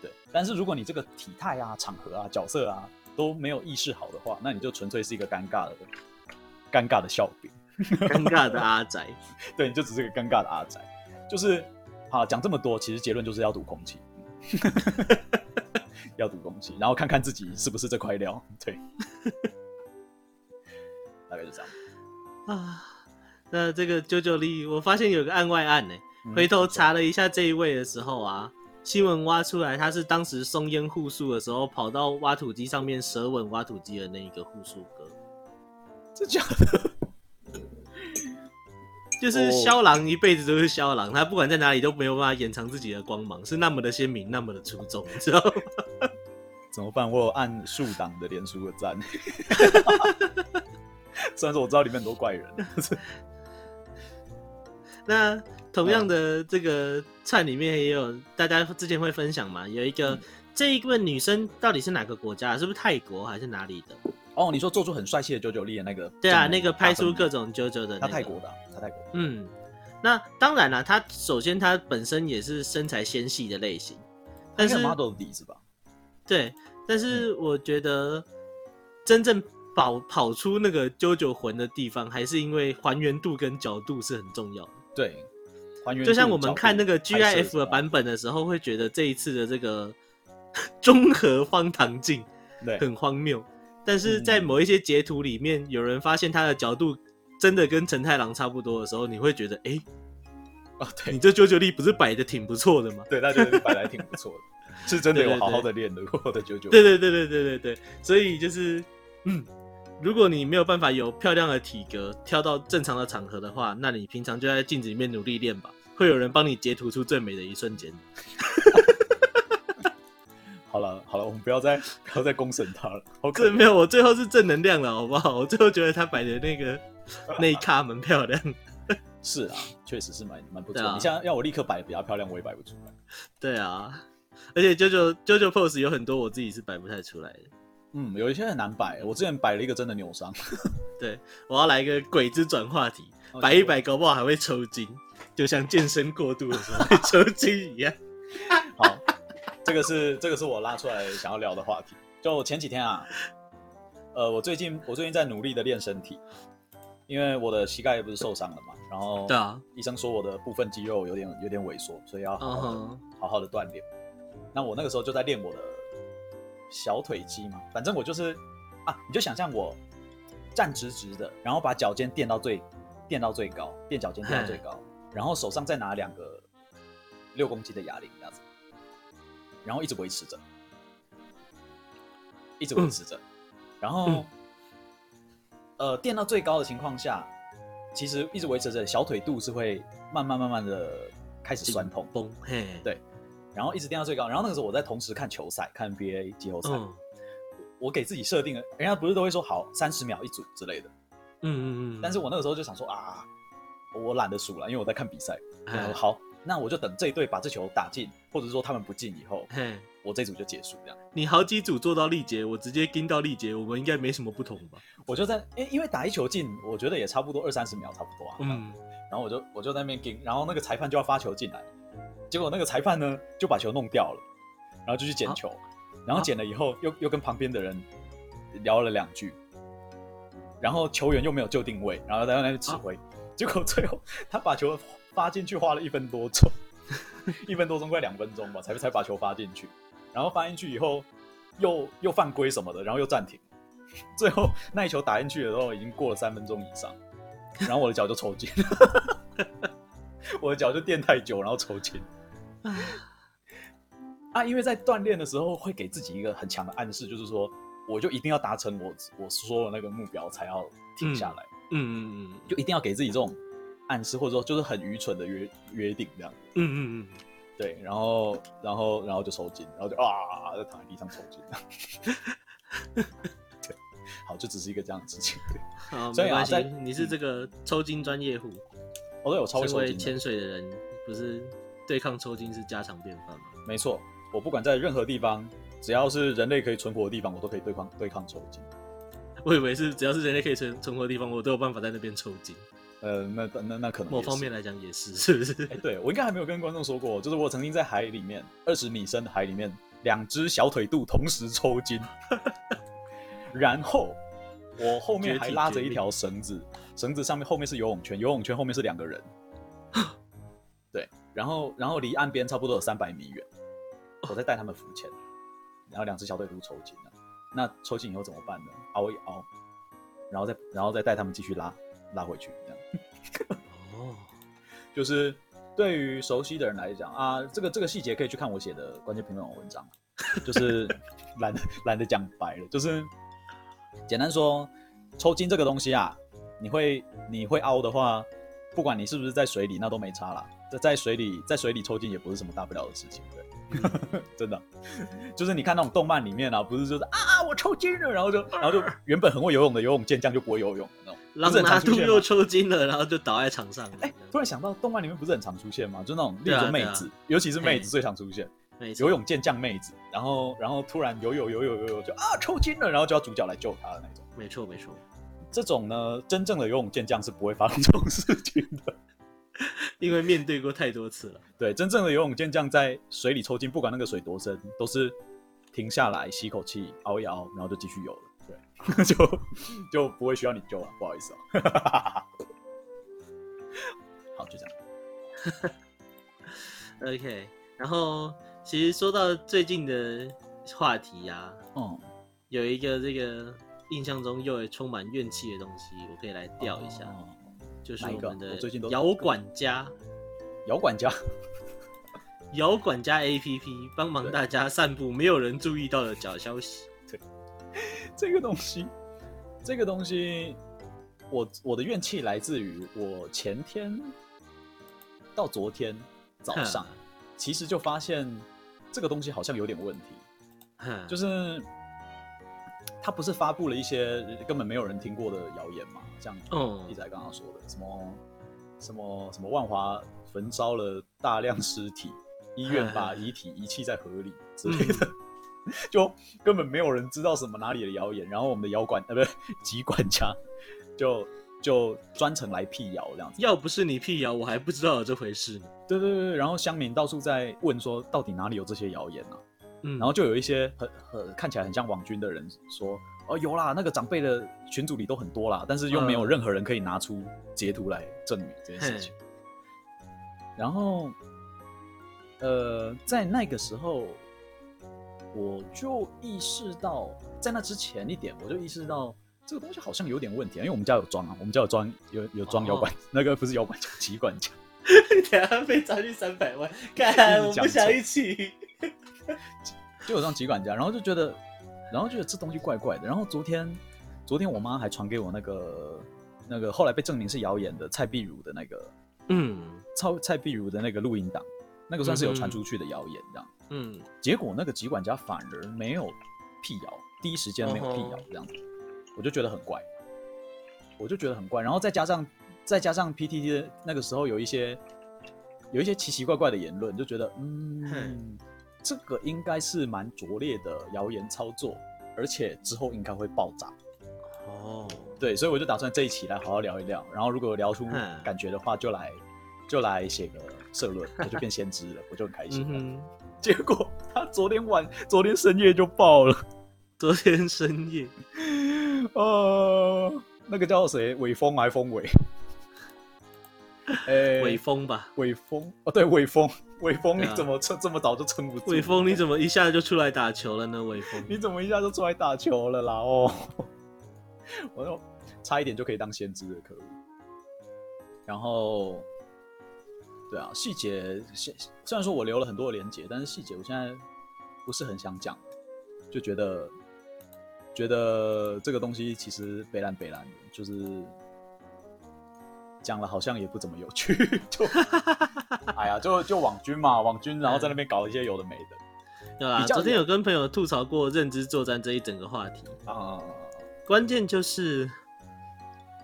對，但是如果你這個體態啊、場合啊、角色啊都沒有意識好的話，那你就純粹是一個尷尬的尷尬的笑柄，尷尬的阿宅。 對，你就只是個尷尬的阿宅。就是好，講、啊、這麼多，其實結論就是要讀空氣。 要讀東西，然後看看自己是不是這塊料，對， 大概就這樣啊。那這個九九裡，我發現有個案外案呢、欸。嗯、回頭查了一下這一位的時候啊，新聞挖出來他是當時松煙護樹的時候，跑到挖土機上面舌吻挖土機的那一個護樹哥，嗯、這假的。 就是蕭郎一輩子都是蕭郎，他、oh. 不管在哪裡都沒有辦法掩藏自己的光芒，是那麼的鮮明，那麼的出眾，知道嗎？怎麼辦？我有按數檔的連輸個讚， 雖然說我知道裡面很多怪人。 那同樣的這個串裡面也有大家之前會分享嘛？有一個、嗯、這一位女生到底是哪個國家、啊？是不是泰國還是哪裡的？哦，你說做出很帥氣的九九力的那個的？對啊，那個拍出各種九九的、那個，泰國的、啊。嗯，那當然了、啊，他首先他本身也是身材纖細的類型，但是 model 底子吧。對，但是我覺得真正跑跑出那個啾啾魂的地方，還是因為還原度跟角度是很重要的。對，還原。就像我們看那個 GIF 的版本的時候，會覺得這一次的這個綜合荒唐鏡很荒謬，對但是在某一些截圖裡面，有人發現他的角度。真的跟承太郎差不多的時候，你會覺得，哎、欸，哦，對，你這九九力不是擺的挺不錯的嗎？對，那就是擺得還挺不錯的， 是真的有好好的練的，對對對，我的九九力。對對對對對對對，所以就是，嗯，如果你沒有辦法有漂亮的體格，跳到正常的場合的話，那你平常就在鏡子裡面努力練吧，會有人幫你截圖出最美的一瞬間。好了好了，我們不要再不要再公審他了。好這沒有，我最後是正能量了，好不好？我最後覺得他擺的那個。那一卡蠻漂亮， 是啊，確實是蠻蠻不錯。啊、你像要我立刻擺比較漂亮，我也擺不出來。對啊，而且 JoJo JoJo pose 有很多，我自己是擺不太出來的。嗯，有一些很難擺。我之前擺了一個真的扭傷。 對，我要來一個鬼之轉話題，擺 Okay, 一擺搞不好還會抽筋，我就像健身過度的時候 會抽筋一樣。好，這個是這個是我拉出來想要聊的話題。就前幾天啊，呃，我最近我最近在努力的練身體。因為我的膝蓋不是受傷了嘛，然後醫生說我的部分肌肉有點有點萎縮，所以要好好的、oh、好好的鍛鍊。那我那個時候就在練我的小腿肌嘛，反正我就是啊，你就想象我站直直的，然後把腳尖墊到最墊到最高，墊腳尖墊到最高，嘿然後手上再拿兩個六公斤的啞鈴這樣子，然後一直維持着，一直維持着，嗯、然後。呃，墊到最高的情況下，其實一直維持着小腿肚是會慢慢慢慢的開始酸痛。對，然後一直墊到最高，然後那個時候我在同時看球賽，看 NBA 季後賽，哦、我給自己設定了，人家不是都會說好三十秒一組之類的，嗯嗯嗯，但是我那個時候就想說啊，我懶得數了，因為我在看比賽。好，啊、那我就等這一隊把這球打進，或者是說他們不進以後。我這組就結束，這樣。你好幾組做到力竭，我直接盯到力竭，我們應該沒什麼不同吧？我就在，哎、欸，因為打一球進，我覺得也差不多二三十秒，差不多啊。嗯。然後我就我就在那邊盯，然後那個裁判就要發球進來，結果那個裁判呢就把球弄掉了，然後就去撿球，啊、然後撿了以後、啊、又又跟旁邊的人聊了兩句，然後球員又沒有就定位，然後在那裡指揮，啊、結果最後他把球發進去花了一分多鐘， 一分多鐘快兩分鐘吧，才才把球發進去。然後翻進去以後，又又犯規什麼的，然後又暫停。最後那一球打進去的時候，已經過了三分鐘以上，然後我的腳就抽筋。 我的腳就墊太久，然後抽筋。啊，因為在鍛鍊的時候會給自己一個很強的暗示，就是說，我就一定要達成我我說的那個目標才要停下來。嗯嗯嗯，嗯就一定要給自己這種暗示，或者說就是很愚蠢的約約定這樣。嗯嗯嗯。嗯嗯對，然後，然後，然後就抽筋，然後就啊，就躺在地上抽筋。 對，好，就只是一個這樣子。好所以啊，沒關係，在你是這個抽筋專業戶。嗯、哦，對，我超會抽筋。因為潛水的人不是對抗抽筋是家常便飯嗎？沒錯，我不管在任何地方，只要是人類可以存活的地方，我都可以對抗對抗抽筋。我以為是只要是人類可以存存活的地方，我都有辦法在那邊抽筋。呃，那那那，那可能是某方面來講也是，是不是？哎，對，我應該還沒有跟觀眾說過，就是我曾經在海裡面二十米深的海裡面，兩隻小腿肚同時抽筋， 然後我後面還拉着一條繩子，繩子上面後面是游泳圈，游泳圈後面是兩個人， 對，然後然後離岸邊差不多有三百米遠，我在帶他們浮潛，然後兩只小腿肚抽筋了，那抽筋以後怎麼辦呢？凹一凹，然後再然後再帶他們繼續拉。拉回去，這樣哦， 就是對於熟悉的人來講啊，這個這個細節可以去看我寫的關鍵評論文章，就是懶得懶得講白了，就是簡單說，抽筋這個東西啊，你會你會凹的話，不管你是不是在水裡，那都沒差啦。在在水裡在水裡抽筋也不是什麼大不了的事情，對， 真的，就是你看那種動漫裡面啊，不是就是啊我抽筋了，然後就然後就原本很會游泳的游泳健將就不會游泳。然後他肚子又抽筋了，然後就倒在場上。哎、欸，樣突然想到，動漫裡面不是很常出現嗎？就那種麗子妹子，啊啊、尤其是妹子最常出現，嘿游泳健將妹子。然後，然後突然游泳游泳游泳就啊抽筋了，然後就要主角來救他的那種。沒錯沒錯，這種呢，真正的游泳健將是不會發生這種事情的， 因為面對過太多次了。對，真正的游泳健將在水裡抽筋，不管那個水多深，都是停下來吸口氣，熬一熬，然後就繼續游了。那 就就不會需要你救了，不好意思哦、啊。 好，就這樣。OK。然後，其實說到最近的話題啊，哦、嗯，有一個這個印象中又會充滿怨氣的東西，我可以來調一下，就是我們的“搖管家”。搖管家。搖 管家 APP，幫忙大家散布沒有人注意到的假消息。這個東西，這個東西，我我的怨氣來自於我前天到昨天早上，哼其實就發現這個東西好像有點問題，哼就是他不是發布了一些根本沒有人聽過的謠言嘛，像一者剛剛說的，哦、什麼什麼什麼萬華焚燒了大量屍體，醫院把遺體遺棄在河裡之類的。 就根本沒有人知道什麼哪裡的謠言，然後我們的妖怪，呃，不是吉管家就，就就專程來闢謠這樣子。要不是你闢謠，我還不知道有這回事。 對對對。然後鄉民到處在問說，到底哪裡有這些謠言啊？嗯。然後就有一些很很看起來很像網軍的人說，哦，有啦，那個長輩的群組裡都很多啦，但是又沒有任何人可以拿出截圖來證明這件事情。嗯。然後，呃，在那個時候。我就意識到，在那之前一點，我就意識到這個東西好像有點問題，因為我們家有裝啊，我們家有裝有有裝搖管那個不是搖管叫吉管家，等下 被砸去三百萬，幹，我不想一起， 就有裝吉管家，然後就覺得，然後覺得這東西怪怪的，然後昨天昨天我媽還傳給我那個那個後來被證明是謠言的蔡碧如的那個，嗯，蔡蔡碧如的那個錄音檔，那個算是有傳出去的謠言這樣。嗯嗯嗯，結果那個疾管家反而沒有闢謠，第一時間沒有闢謠，這樣子，uh huh. 我就覺得很怪，我就覺得很怪。然後再加上再加上 PTT 的那個時候有一些有一些奇奇怪怪的言論，就覺得嗯，嗯，這個應該是蠻拙劣的謠言操作，而且之後應該會爆炸。哦，oh. 對，所以我就打算這一期來好好聊一聊，然後如果聊出感覺的話，就來就來寫個社論，我就變先知了， 我就很開心了。 結果他昨天晚，昨天深夜就爆了。昨天深夜，呃、哦，那個叫誰？偉峰還峰偉？呃、欸，偉峰吧，偉峰。哦，對，偉峰，偉峰，你怎麼撐、啊、這麼早就撐不住？偉峰，你怎麼一下就出來打球了呢？偉峰，你怎麼一下就出來打球了啦？哦， 我說差一點就可以當先知了，可以然後。對啊，細節，雖然說我留了很多的連結，但是細節我現在不是很想講，就覺得覺得這個東西其實白爛白爛，就是講了好像也不怎麼有趣， 就 哎呀，就就網軍嘛，網軍，然後在那邊搞一些有的沒的。有啊、嗯，較昨天有跟朋友吐槽過認知作戰這一整個話題啊，嗯、關鍵就是。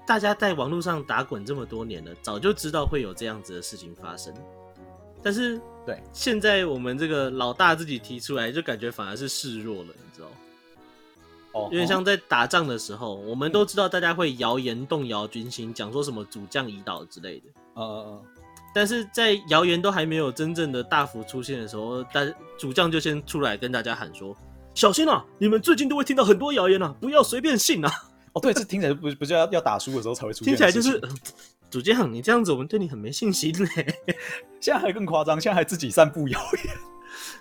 大家在網絡上打滾這麼多年了，早就知道會有這樣子的事情發生。但是，對，現在我們這個老大自己提出來，就感覺反而是示弱了，你知道？哦，oh、有點像在打仗的時候，oh，我們都知道大家會謠言動搖軍心，講、嗯、說什麼主將已倒之類的。哦、uh，但是在謠言都還沒有真正的大幅出現的時候，但主將就先出來跟大家喊說：“小心啊，你們最近都會聽到很多謠言啊，不要隨便信啊。哦，對，這聽起來不是不是要要打輸的時候才會出現的事情。聽起來就是，主、呃、將你這樣子，我們對你很沒信心嘞、欸。現在還更誇張，現在還自己散布謠言。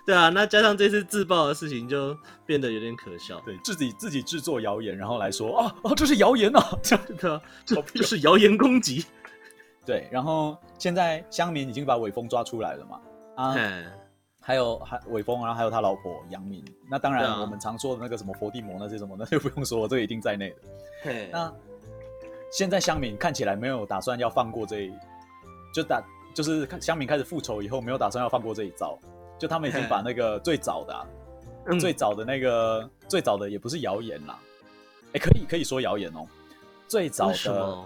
對啊，那加上這次自曝的事情，就變得有點可笑。對，自己自己制作謠言，然後來說哦，哦、啊啊，這是謠言啊，真的對，這、 就是謠言攻擊。對，然後現在鄉民已經把尾峰抓出來了嘛？啊。還有還偉峰，然後還有他老婆楊明。那當然，我們常說的那個什麼佛地魔那些什麼，那就不用說，我這一定在內的。對嘿。那現在鄉民看起來沒有打算要放過這，就打就是鄉民開始復仇以後，沒有打算要放過這一招。就他們已經把那個最早的、啊、嘿最早的那個、嗯、最早的，也不是謠言啦。哎、欸，可以可以說謠言哦、喔。最早的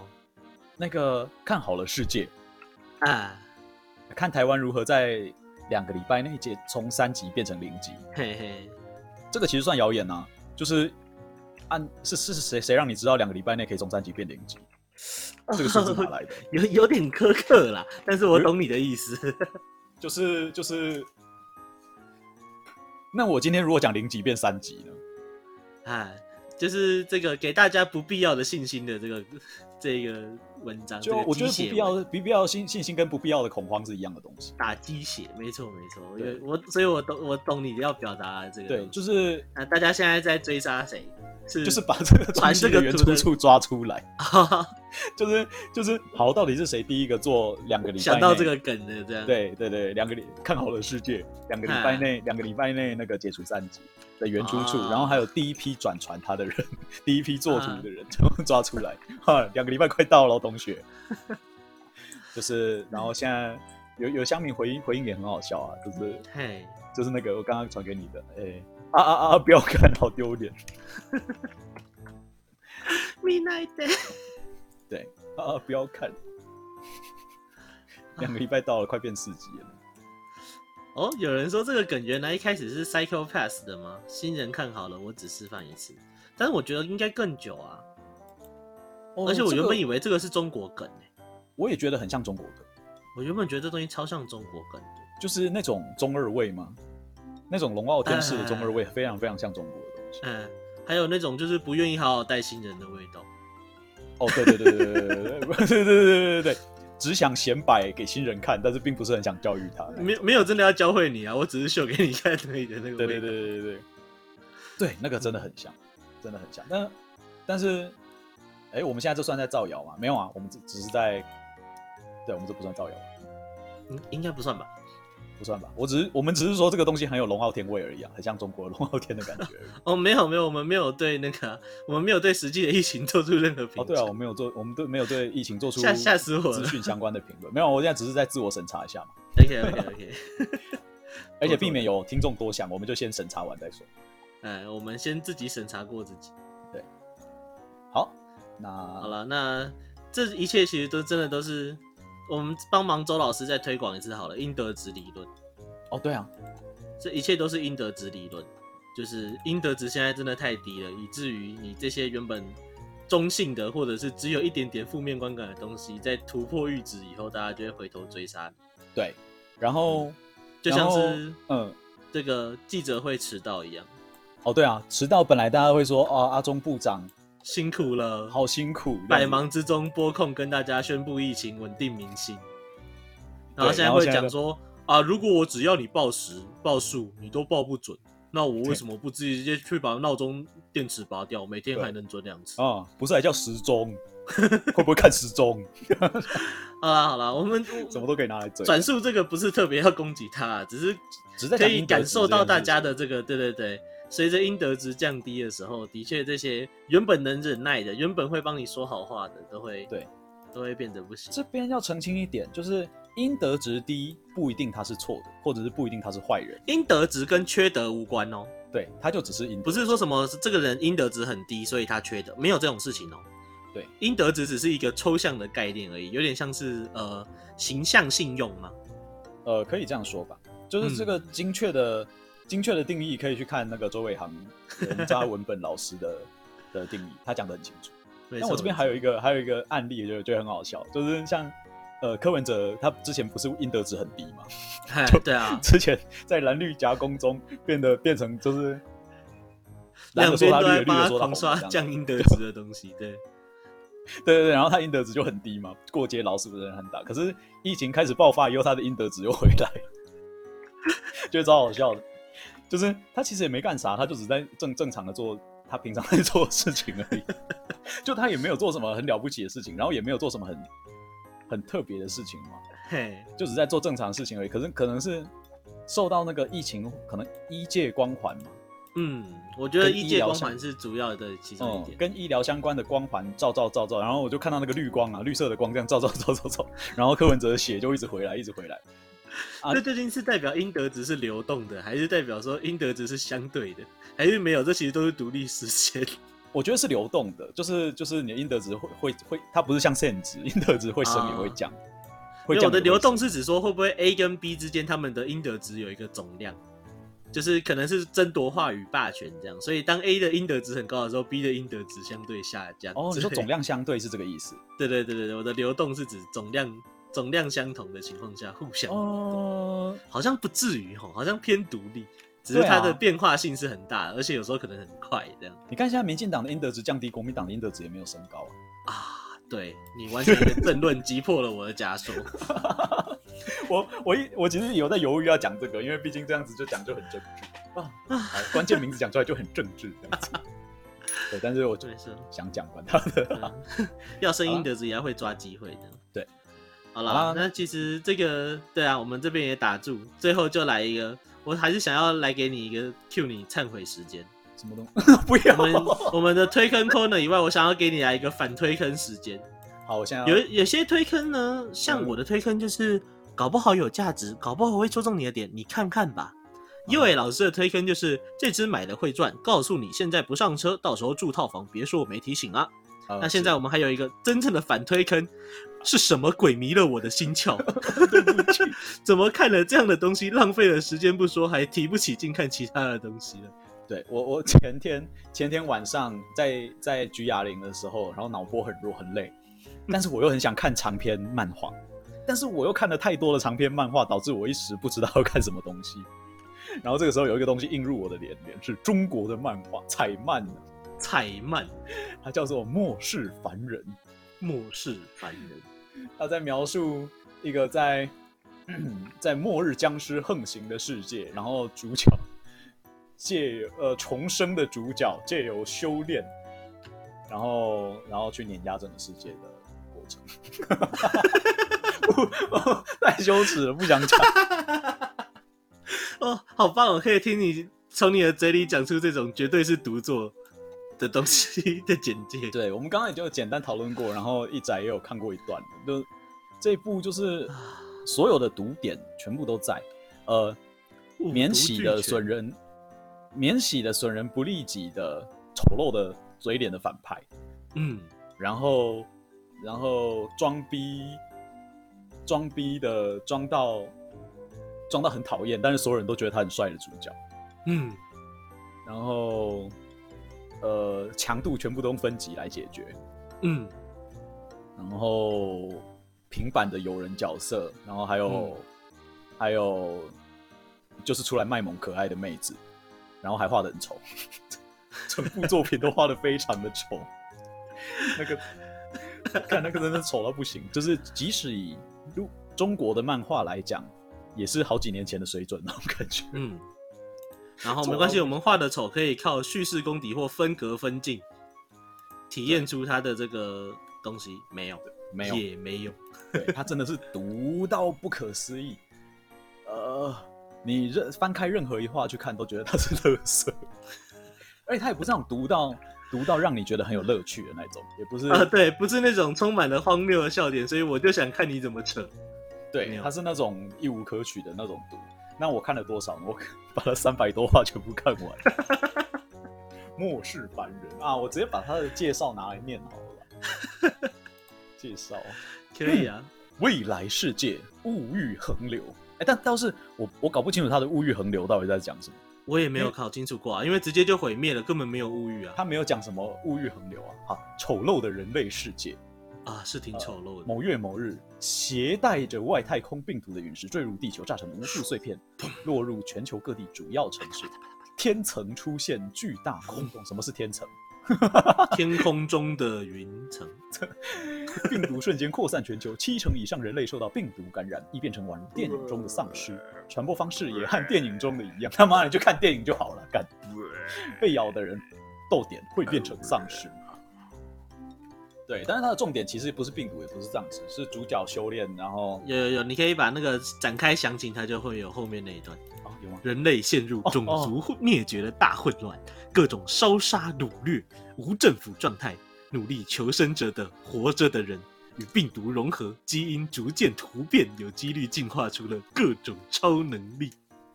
那個看好了世界啊，看台灣如何在。兩個禮拜內，就從三級變成零級，嘿嘿，這個其實算謠言吶、啊。就是按是是誰誰讓你知道兩個禮拜內可以從三級變零級？哦、這個數字哪來的？有有點苛刻啦，但是我懂你的意思。就是就是，那我今天如果講零級變三級呢？哎。就是這個給大家不必要的信心的這個這個文章，就我覺得不必要的、不必要的信信心跟不必要的恐慌，是一樣的東西。打雞血，沒錯沒錯，對我所以，我懂，我懂你要表達這個。對，就是啊，大家現在在追殺誰？是就是把這個傳個源出處抓出來。 就是就是好，到底是誰第一個做兩個禮拜？想到這個梗的，這樣對，對對對，兩個禮拜看好了世界，兩 Okay. 個禮拜內，兩 個禮拜內那個解除三級的原出處，oh. 然後還有第一批轉傳他的人，oh. 第一批做圖的人，全部抓出來哈，兩 個禮拜快到了，同學。 就是，然後現在有有鄉民回應，回應也很好笑啊，就是，嘿， 就是那個我剛剛傳給你的，哎、欸，啊啊啊！不要看，好丟臉。Midnight 對啊，不要看，兩個禮拜到了， 快變四級了。哦，有人說這個梗原來一開始是 psychopath 的嗎？新人看好了，我只示範一次。但是我覺得應該更久啊。而且我原本以為這個是中國梗，欸哦這個，我也覺得很像中國梗。我原本覺得這東西超像中國梗，就是那種中二味嘛，那種龍傲天式的中二味，非常非常像中國的東西。嗯、啊啊啊，還有那種就是不願意好好帶新人的味道。哦，對對對對對對對對對對對對對，只想顯擺給新人看，但是並不是很想教育他。沒沒有，真的要教會你啊！我只是秀給你現在看你的那個。對對對對對，對那個真的很像，真的很像。但但是，哎，我們現在這算在造謠嗎？沒有啊，我們只只是在，對我們這不算造謠。應應該不算吧。不算吧，我只是我們只是說這個東西很有龍傲天味而已啊，很像中國龍傲天的感覺。 哦，沒有沒有，我們沒有對那個，我們沒有對實際的疫情做出任何評論。哦，對啊，我沒有做，我們都沒有對疫情做出嚇嚇死我了！資訊相關的評論沒有，我現在只是在自我審查一下嘛。OK OK OK， 而且避免有聽眾多想，我們就先審查完再說。嗯、哎，我們先自己審查過自己。對，好，那好了，那這一切其實都真的都是。我們幫忙周老師再推廣一次好了，陰德值理論。哦，對啊，這一切都是陰德值理論，就是陰德值現在真的太低了，以至於你這些原本中性的或者是只有一點點負面觀感的東西，在突破閾值以後，大家就會回頭追殺你。對，然後、嗯、然後就像是嗯，這個記者會遲到一樣。哦，對啊，遲到本來大家會說哦，阿中部長。辛苦了，好辛苦了，百忙之中撥空跟大家宣布疫情穩定民心，然後現在會講說啊，如果我只要你報時報數，你都報不準，那我為什麼不自己直接去把鬧鐘電池拔掉，對每天還能準兩次啊，哦？不是還叫時鐘， 會不會看時鐘？ 好啦好啦，我們什麼都可以拿來轉述，這個不是特別要攻擊他，只是可以感受到大家的這個，對對對。隨着陰德值降低的時候，的確，這些原本能忍耐的、原本會幫你說好話的，都會對，都會變得不行。這邊要澄清一點，就是陰德值低不一定他是錯的，或者是不一定他是壞人。陰德值跟缺德無關哦。對，他就只是陰，不是說什麼這個人陰德值很低，所以他缺德，沒有這種事情哦。對，陰德值只是一個抽象的概念而已，有點像是呃形象信用嗎？呃，可以這樣說吧，就是這個精確的、嗯。精確的定義可以去看那個周偉航，人渣文本老師的 的定義，他講得很清楚。那我這邊還有一個還有一個案例，就就很好笑，就是像呃柯文哲，他之前不是陰德值很低嘛？哎，對啊，之前在藍綠夾攻中變得變成就是藍說他綠，兩邊都他同刷 降陰德值的東西，對，對對對，然後他陰德值就很低嘛，過街老鼠的人很大。可是疫情開始爆發以後，他的陰德值又回來了，覺 得超好笑的。就是他其實也沒幹啥，他就只在正正常的做他平常在做的事情而已， 就他也沒有做什麼很了不起的事情，然後也沒有做什麼很很特別的事情嘛，嘿，就只在做正常的事情而已。可是可能是受到那個疫情，可能醫界光環嘛。嗯，我覺得醫界光環是主要的其中一點。跟醫療相關的光環照照照照照，然後我就看到那個綠光啊，綠色的光這樣照照照照照照，然後柯文哲的血就一直回來， 一直回來。啊，那究竟是代表英德值是流動的，還是代表說英德值是相對的，還是沒有？這其實都是獨立事件，我覺得是流動的，就是就是你的英德值會會會，它不是像 SAN 值，英德值會升也會降。我的流動是指說會不會 A 跟 B 之間他們的英德值有一個總量，就是可能是爭奪話語霸權這樣，所以當 A 的英德值很高的時候，B 的英德值相對下降。哦，只對說總量相對是這個意思？對對對對對，我的流動是指總量。總量相同的情況下，互相哦，呃、好像不至於哈，好像偏獨立，只是它的變化性是很大，啊、而且有時候可能很快這樣。你看現在民進黨的陰德值降低，國民黨的陰德值也沒有升高啊！啊對，你完全的政論擊破了我的假說。對 我我一我其實有在猶豫要講這個，因為畢竟這樣子就講就很政治啊， 關鍵名字講出來就很政治 對，但是我還是事想講管他的，對 要升陰德值也要會抓機會的。好了，好啦，那其實這個對啊，我們這邊也打住，最後就來一個，我還是想要來給你一個 Q 你懺悔時間，什麼東西？我們 不要，我們的推坑 corner 呢以外，我想要給你來一個反推坑時間。好，我想有有些推坑呢，像我的推坑就是、嗯、搞不好有價值，搞不好我會戳中你的點，你看看吧。因為、嗯欸、老師的推坑就是這隻買的會賺，告訴你現在不上車，到時候住套房，別說我沒提醒啊。嗯、那現在我們還有一個真正的反推坑，是，是什麼鬼迷了我的心竅？ 起 怎麼看了這樣的東西，浪費了時間不說，還提不起勁看其他的東西了？對我，我前天前天晚上在在舉啞鈴的時候，然後腦波很弱很累，但是我又很想看長篇漫畫，嗯、但是我又看了太多的長篇漫畫，導致我一時不知道要看什麼東西。然後這個時候有一個東西映入我的眼簾，是中國的漫畫彩漫。蔡漫，他叫做《末世凡人》，《末世凡人》，他在描述一個在、嗯、在末日僵屍橫行的世界，然後主角借呃重生的主角借由修煉，然後然後去碾壓整個世界的過程，太羞恥了，不想講。 哦，好棒！我可以聽你從你的嘴裡講出這種，絕對是獨作。的東西的簡介 對，對我們剛剛也就簡單討論過，然後一仔也有看過一段，就這一部就是所有的毒點全部都在，呃，免洗的損人，免洗的損人不利己的醜陋的嘴臉的反派，嗯，然後然後裝逼，裝逼的裝到，裝到很討厭，但是所有人都覺得他很帥的主角，嗯，然後。呃，強度全部都用分級來解決，嗯，然後平板的友人角色，然後還有、嗯、還有就是出來賣萌可愛的妹子，然後還畫的很醜，整 部作品都畫的非常的醜， 那個看 那個真的醜到不行， 就是即使以中國的漫畫來講，也是好幾年前的水準那種感覺，嗯。然後沒關係，到我們畫的醜可以靠敘事功底或分格分鏡體驗出它，的這個東西沒有，沒有也沒有，它、嗯、真的是毒到不可思議。 呃，你任翻開任何一畫去看，都覺得它是樂色。 而且它也不是那種毒到 毒到讓你覺得很有樂趣的那種，也不是啊，對，不是那種充滿了荒謬的笑點，所以我就想看你怎麼扯。對，它有是那種一無可取的那種毒。那我看了多少？我把他三百多話全部看完。 末世凡人啊，我直接把他的介紹拿來念好了。 介紹可以啊。未來世界，物欲橫流。哎，但倒是我我搞不清楚他的物欲橫流到底在講什麼。我也沒有搞清楚過啊，因為，因為直接就毀滅了，根本沒有物欲啊。他沒有講什麼物欲橫流啊。哈、啊，醜陋的人類世界。啊，是挺醜陋的。呃、某月某日，攜帶着外太空病毒的隕石墜入地球，炸成無數碎片，落入全球各地主要城市。天層出現巨大空洞， 什麼是天層？天空中的雲層。 病毒瞬間擴散全球，七成以上人類受到病毒感染，易變成宛如電影中的喪屍。傳播方式也和電影中的一樣， 他媽的就看電影就好了。幹，被咬的人，痘點會變成喪屍。對，但是它的重點其實不是病毒，也不是這樣子，是主角修煉。然後有有有，你可以把那個展開詳情，它就會有後面那一段。哦、有嗎？人類陷入種族滅絕的大混亂，哦哦、各種燒殺擄掠，無政府狀態，努力求生者的活着的人與病毒融合，基因逐漸突變，有幾率進化出了各種超能力。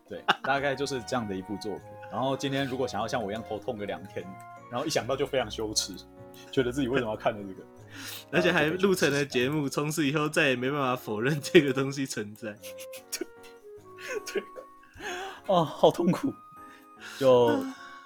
對， 大概就是這樣的一部作品。然後今天如果想要像我一樣頭痛個兩天，然後一想到就非常羞恥。覺得自己為什麼要看的這個， 而且還錄成了節目，從此以後再也沒辦法否認這個東西存在。 對，對，哦，好痛苦。就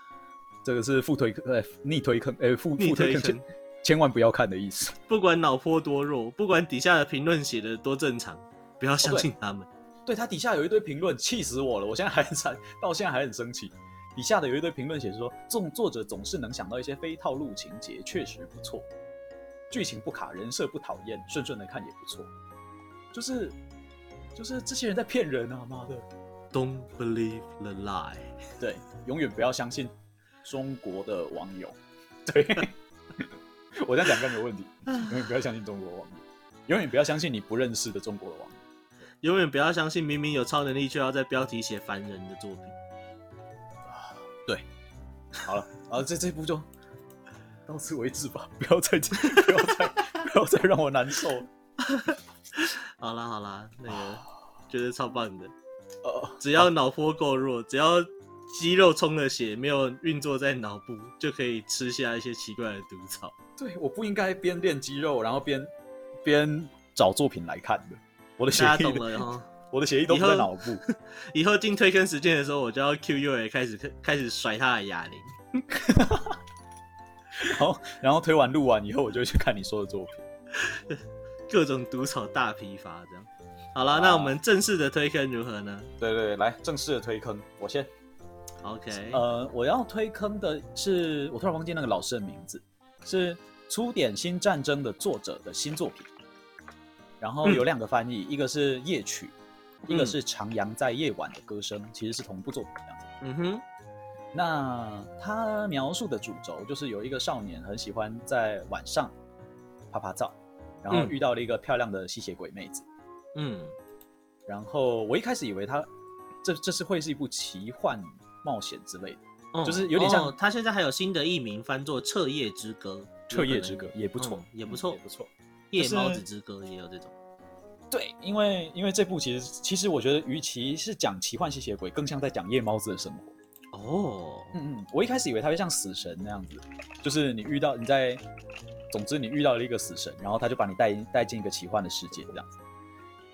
這個是負推、欸、坑，哎、欸，逆推坑，哎，負負推坑，千萬不要看的意思。不管腦波多弱，不管底下的評論寫的多正常，不要相信他們。哦、對，對，他底下有一堆評論，氣死我了！我現在還才，到現在還很生氣。以下的有一堆評論寫說，這種作者總是能想到一些非套路情節，確實不錯，劇情不卡，人設不討厭，順順的看也不錯。就是，就是這些人在騙人啊！媽的！Don't believe the lie。對，永遠不要相信中國的網友。對， 我這樣講有沒有問題？永遠不要相信中國的網友，永遠不要相信你不認識的中國的網友，永遠不要相信明明有超能力卻要在標題寫凡人的作品。好了， 好，這這一步就到此為止吧，不要再，不要再， 不要再讓我難受了。 好啦，好啦，那個，覺得、啊、超棒的。哦，只要腦波夠弱，啊、只要肌肉充了血，沒有運作在腦部，就可以吃下一些奇怪的毒草。對，我不應該邊練肌肉，然後邊邊找作品來看的。我的血動了、哦 我的血液都不在腦部，以。以後進推坑時間的時候，我就要 QUA 開始開始甩他的啞鈴。好， 然後推完錄完以後，我就去看你說的作品，各種毒草大批發這樣。好了，啊、那我們正式的推坑如何呢？對，對對，來正式的推坑，我先。OK，呃，我要推坑的是，我突然忘記那個老師的名字，是《粗點心戰爭》的作者的新作品。然後有兩個翻譯，嗯、一個是夜曲。一個是《徜徉在夜晚的歌聲》嗯，其實是同步作品的樣子。嗯哼，那他描述的主軸就是有一個少年很喜歡在晚上拍拍照，然後遇到了一個漂亮的吸血鬼妹子。嗯，然後我一開始以為他這這是會是一部奇幻冒險之類的，嗯、就是有點像、哦。他現在還有新的譯名翻作《徹夜之歌》，徹夜之歌也不錯、嗯，也不錯，嗯、也不錯。夜貓子之歌也有這種。就是對，因為因為這部其實其實我覺得，與其是講奇幻吸血鬼，更像在講夜貓子的生活。哦、oh. 嗯，嗯嗯，我一開始以為它會像《死神》那樣子，就是你遇到你在，總之你遇到了一個死神，然後他就把你帶帶進一個奇幻的世界這樣子。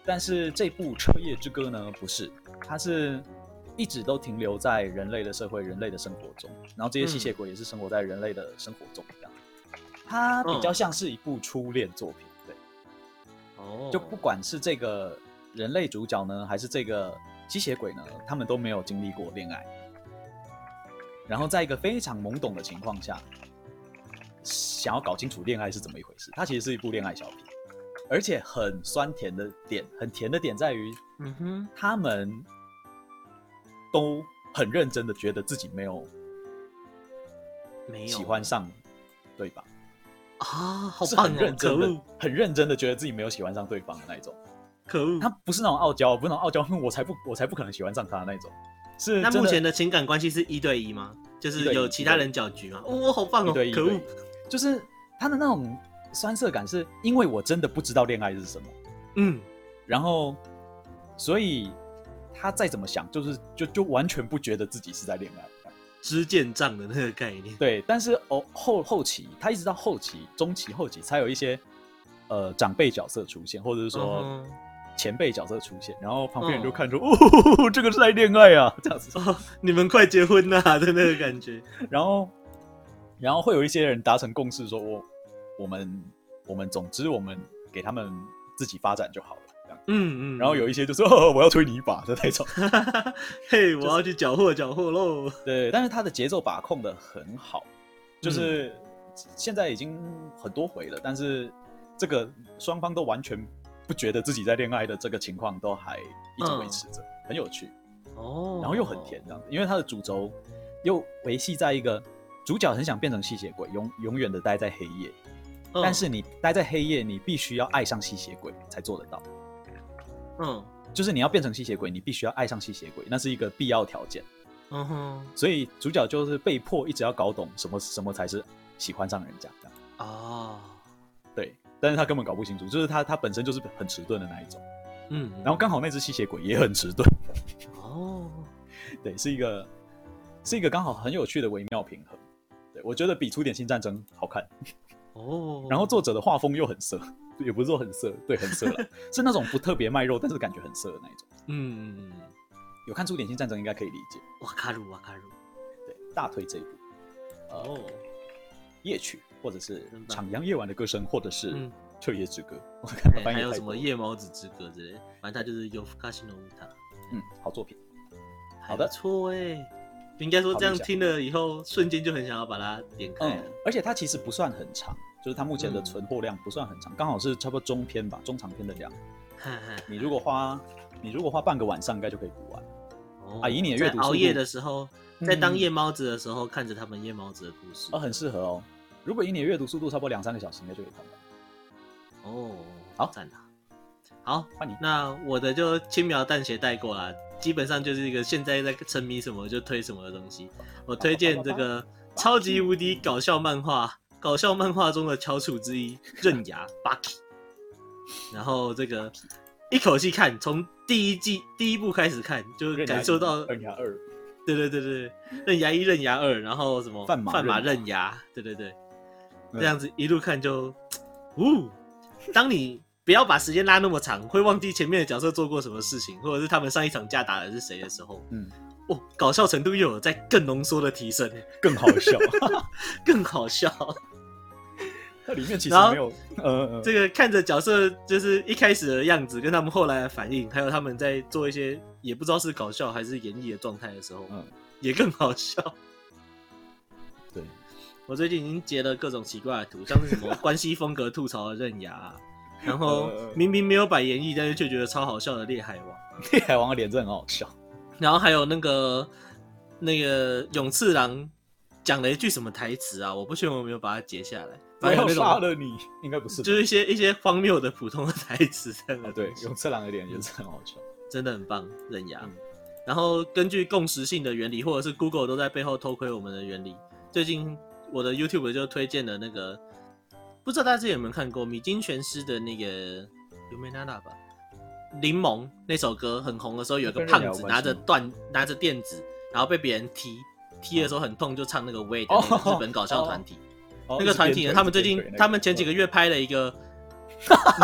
但是這部《徹夜之歌》呢，不是，它是一直都停留在人類的社會、人類的生活中，然後這些吸血鬼也是生活在人類的生活中這樣。嗯、它比較像是一部初戀作品。就不管是這個人類主角呢，還是這個吸血鬼呢，他們都沒有經歷過戀愛。然後在一個非常懵懂的情況下，想要搞清楚戀愛是怎麼一回事。它其實是一部戀愛小品，而且很酸甜的點，很甜的點在於，嗯哼，他們都很認真的覺得自己沒有沒有喜歡上，有對吧？啊、哦，好棒哦！可惡，很認真的覺得自己沒有喜歡上對方的那一種，可惡。他不是那種傲嬌，不是那種傲嬌，因為我才不，我才不可能喜歡上他的那一種。是，那目前的情感關係是一對一嗎？就是有其他人攪局嗎？我、哦、好棒哦！可惡，就是他的那種酸澀感，是因為我真的不知道戀愛是什麼。嗯，然後，所以他再怎麼想，就是就就完全不覺得自己是在戀愛。知見障的那個概念，對，但是哦後後期，他一直到後期、中期、後期才有一些呃長輩角色出現，或者是說前輩角色出現，uh huh. 然後旁邊人就看出、oh. 哦，這個是在戀愛啊，這樣子說，Oh, 你們快結婚吶的那個感覺， 然後然後會有一些人達成共識說，說、哦、我我們我們總之我們給他們自己發展就好了。嗯嗯，嗯然後有一些就說、是嗯、我要推你一把這太吵。 嘿，我要去攪和攪和嘍。對，但是他的節奏把控的很好，就是、嗯、現在已經很多回了，但是這個雙方都完全不覺得自己在戀愛的這個情況都還一直維持着，uh. 很有趣哦。Oh. 然後又很甜這樣子，因為他的主軸又維繫在一個主角很想變成吸血鬼，永永遠的待在黑夜。Uh. 但是你待在黑夜，你必須要愛上吸血鬼才做得到。嗯，就是你要變成吸血鬼，你必須要愛上吸血鬼，那是一個必要條件。嗯哼，所以主角就是被迫一直要搞懂什麼什麼才是喜歡上人家這樣。啊、哦，對，但是他根本搞不清楚，就是他他本身就是很遲鈍的那一種。嗯，然後剛好那只吸血鬼也很遲鈍。哦， 對，是一個是一個剛好很有趣的微妙平衡。對，我覺得比《出點新戰爭》好看。 哦，然後作者的畫風又很色。也不是說很色，對，很色。是那種不特別賣肉， 但是感覺很色的那一種。嗯，嗯嗯有看出《點心戰爭》應該可以理解。哇卡魯，哇卡魯。對，大推這一部。哦。夜曲，或者是《徜徉夜晚的歌聲》，或者是《徹夜之歌》。還有什麼《夜貓子之歌》之類，反正它就是《Yofukashi no Uta》。嗯，好作品。錯好的錯哎，應該說這樣聽了以後，瞬間就很想要把它點開。嗯。而且它其實不算很長。就是它目前的存貨量不算很長，剛、嗯、好是差不多中篇吧，中長篇的量。唉唉你如果花，你如果花半個晚上，應該就可以讀完。哦、啊，以你的閱讀速度在熬夜的時候，嗯、在當夜貓子的時候，看着他們夜貓子的故事啊，很適合哦。如果以你的閱讀速度，差不多兩三個小時應該就可以看完。哦，好讚啊！好，換你。那我的就輕描淡寫帶過了，基本上就是一個現在在沉迷什麼就推什麼的東西。我推薦這個超級無敵搞笑漫畫。搞笑漫畫中的翹楚之一，刃牙 Bucky。 然後這個一口氣看，從第一季第一部開始看，就感受到刃牙一、刃牙二。對對對對，刃牙一、刃牙二，然後什麼？範馬刃牙。對對對，這樣子一路看就，嗚、嗯。當你不要把時間拉那麼長，會忘記前面的角色做過什麼事情，或者是他們上一場架打的是誰的時候，嗯，哦，搞笑程度又有在更濃縮的提升，更好笑， 更好笑。它裡面其實沒有後，呃、嗯，這個看着角色就是一開始的樣子，跟他們後來的反應，還有他們在做一些也不知道是搞笑還是演繹的狀態的時候，嗯，也更好笑。對，我最近已經截了各種奇怪的圖，像是什麼關西風格吐槽的刃牙、啊， 然後明明沒有擺演繹，但是卻覺得超好笑的烈海王，烈海王的臉真的很好笑。然後還有那個那個勇次郎講了一句什麼台詞啊？我不確定我有沒有把它截下來。還要殺了你？應該不是吧，就是一些一些荒謬的普通的台詞，真的。啊、對，用這兩個點也是很好笑，真的很棒。刃牙。嗯、然後根據共識性的原理，或者是 Google 都在背後偷窺我們的原理。最近我的 YouTube 就推薦了那個，嗯、不知道大家有沒有看過《米津玄師》的那個《Lumina》吧？檸檬那首歌很紅的時候，有一個胖子拿着斷拿着電子，然後被別人踢，踢的時候很痛，就唱那個 Wait、哦、日本搞笑團體。哦哦好那個團體呢？那個、他們最近，那個、他們前幾個月拍了一個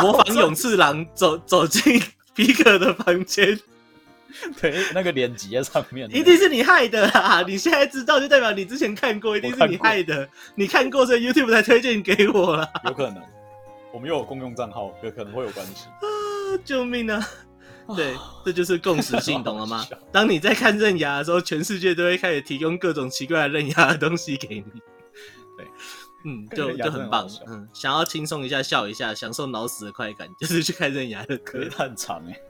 模仿勇次郎走 走進皮克的房間， 對，那個鏈接上面， 一定是你害的啊！ 你現在知道，就代表你之前看過，一定是你害的。看你看過，這 YouTube 才推薦給我啦，有可能，我們又有共用賬號，可可能會有關係 救命啊！ 對，這就是共時性，懂了嗎？當你在看刃牙的時候，全世界都會開始提供各種奇怪的刃牙的東西給你，對。嗯，就就很棒。很嗯，想要輕鬆一下，笑一下，享受腦死的快感，就是去看刃牙的歌。那很長哎、欸，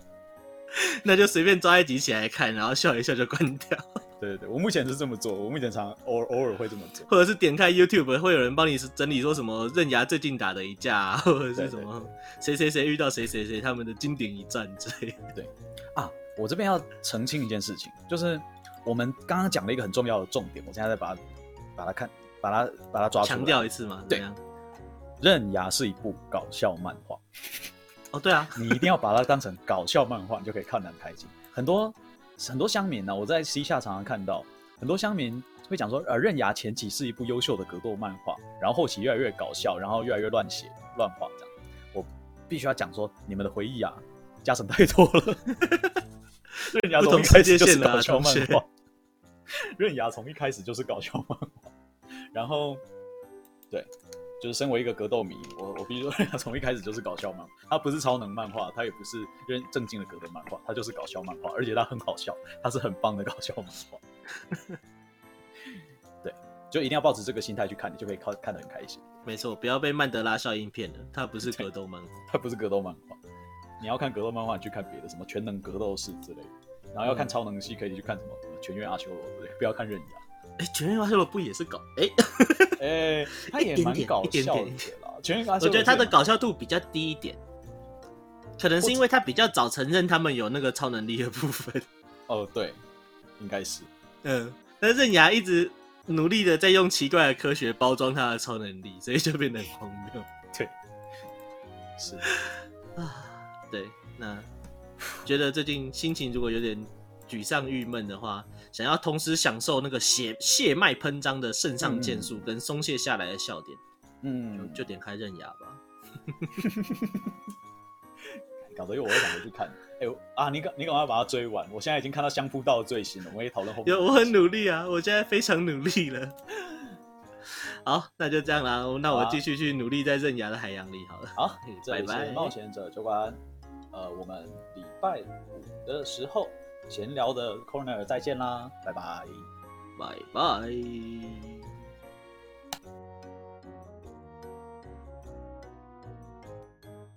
那就隨便抓一集起來看，然後笑一笑就關掉。對對對，我目前是這麼做。我目前常偶爾偶爾會這麼做，或者是點開 YouTube，會有人幫你整理說什麼刃牙最近打的一架、啊，或者是什麼誰誰誰遇到誰誰誰他們的經典一戰之類。對，對，對啊，我這邊要澄清一件事情，就是我們剛剛講了一個很重要的重點，我現在再把它把它看。把它把它抓出來，強調一次嗎？對，刃牙是一部搞笑漫畫。 哦，對啊， 你一定要把它當成搞笑漫畫，你就可以看得很開心。很多很多鄉民呢、啊，我在 C 洽常常看到很多鄉民會講說，呃，刃牙前期是一部優秀的格鬥漫畫，然後後期越來越搞笑，然後越來越亂寫亂畫這樣。我必須要講說，你們的回憶啊，加成太多了。刃 牙從一開始就是搞笑漫畫，刃、啊、牙從一開始就是搞笑漫畫。 然後，對，就是身為一個格鬥迷，我我必須說，他從一開始就是搞笑漫畫，他不是超能漫畫，他也不是認正經的格鬥漫畫，他就是搞笑漫畫，而且他很好笑，他是很棒的搞笑漫畫。 對，就一定要抱持這個心態去看，你就可以看看得很開心。沒錯，不要被曼德拉效應騙了，他不是格鬥漫畫，他不是格鬥漫畫，他不是格鬥漫畫。你要看格鬥漫畫，你去看別的，什麼全能格鬥士之類的。然後要看超能系，嗯、可以去看什麼全員阿修羅，不要看刃牙。全員惡作不也是搞哎？他也蠻搞笑的。全員我覺得他的搞笑度比較低一點，或者，可能是因為他比較早承認他們有那個超能力的部分。哦，對，應該是。嗯，但是你還一直努力的在用奇怪的科學包裝他的超能力，所以就變得很荒謬。對，是啊，對。那覺得最近心情如果有點。沮喪、鬱悶的話，想要同時享受那個血血脈噴張的腎上腺素跟鬆懈下來的笑點，嗯就，就點開《刃牙》吧。 搞得，因為我也想回去看。哎、欸、呦啊，你敢，你敢要把它追完？我現在已經看到《相撲道》最新了。我也討論後面。有，我很努力啊！我現在非常努力了。好，那就這樣啦。嗯、那我繼續去努力在《刃牙》的海洋裡好了。好、嗯，拜拜，冒險者酒館。呃，我們禮拜五的時候。閒聊的 corner 再見啦，拜拜，拜拜。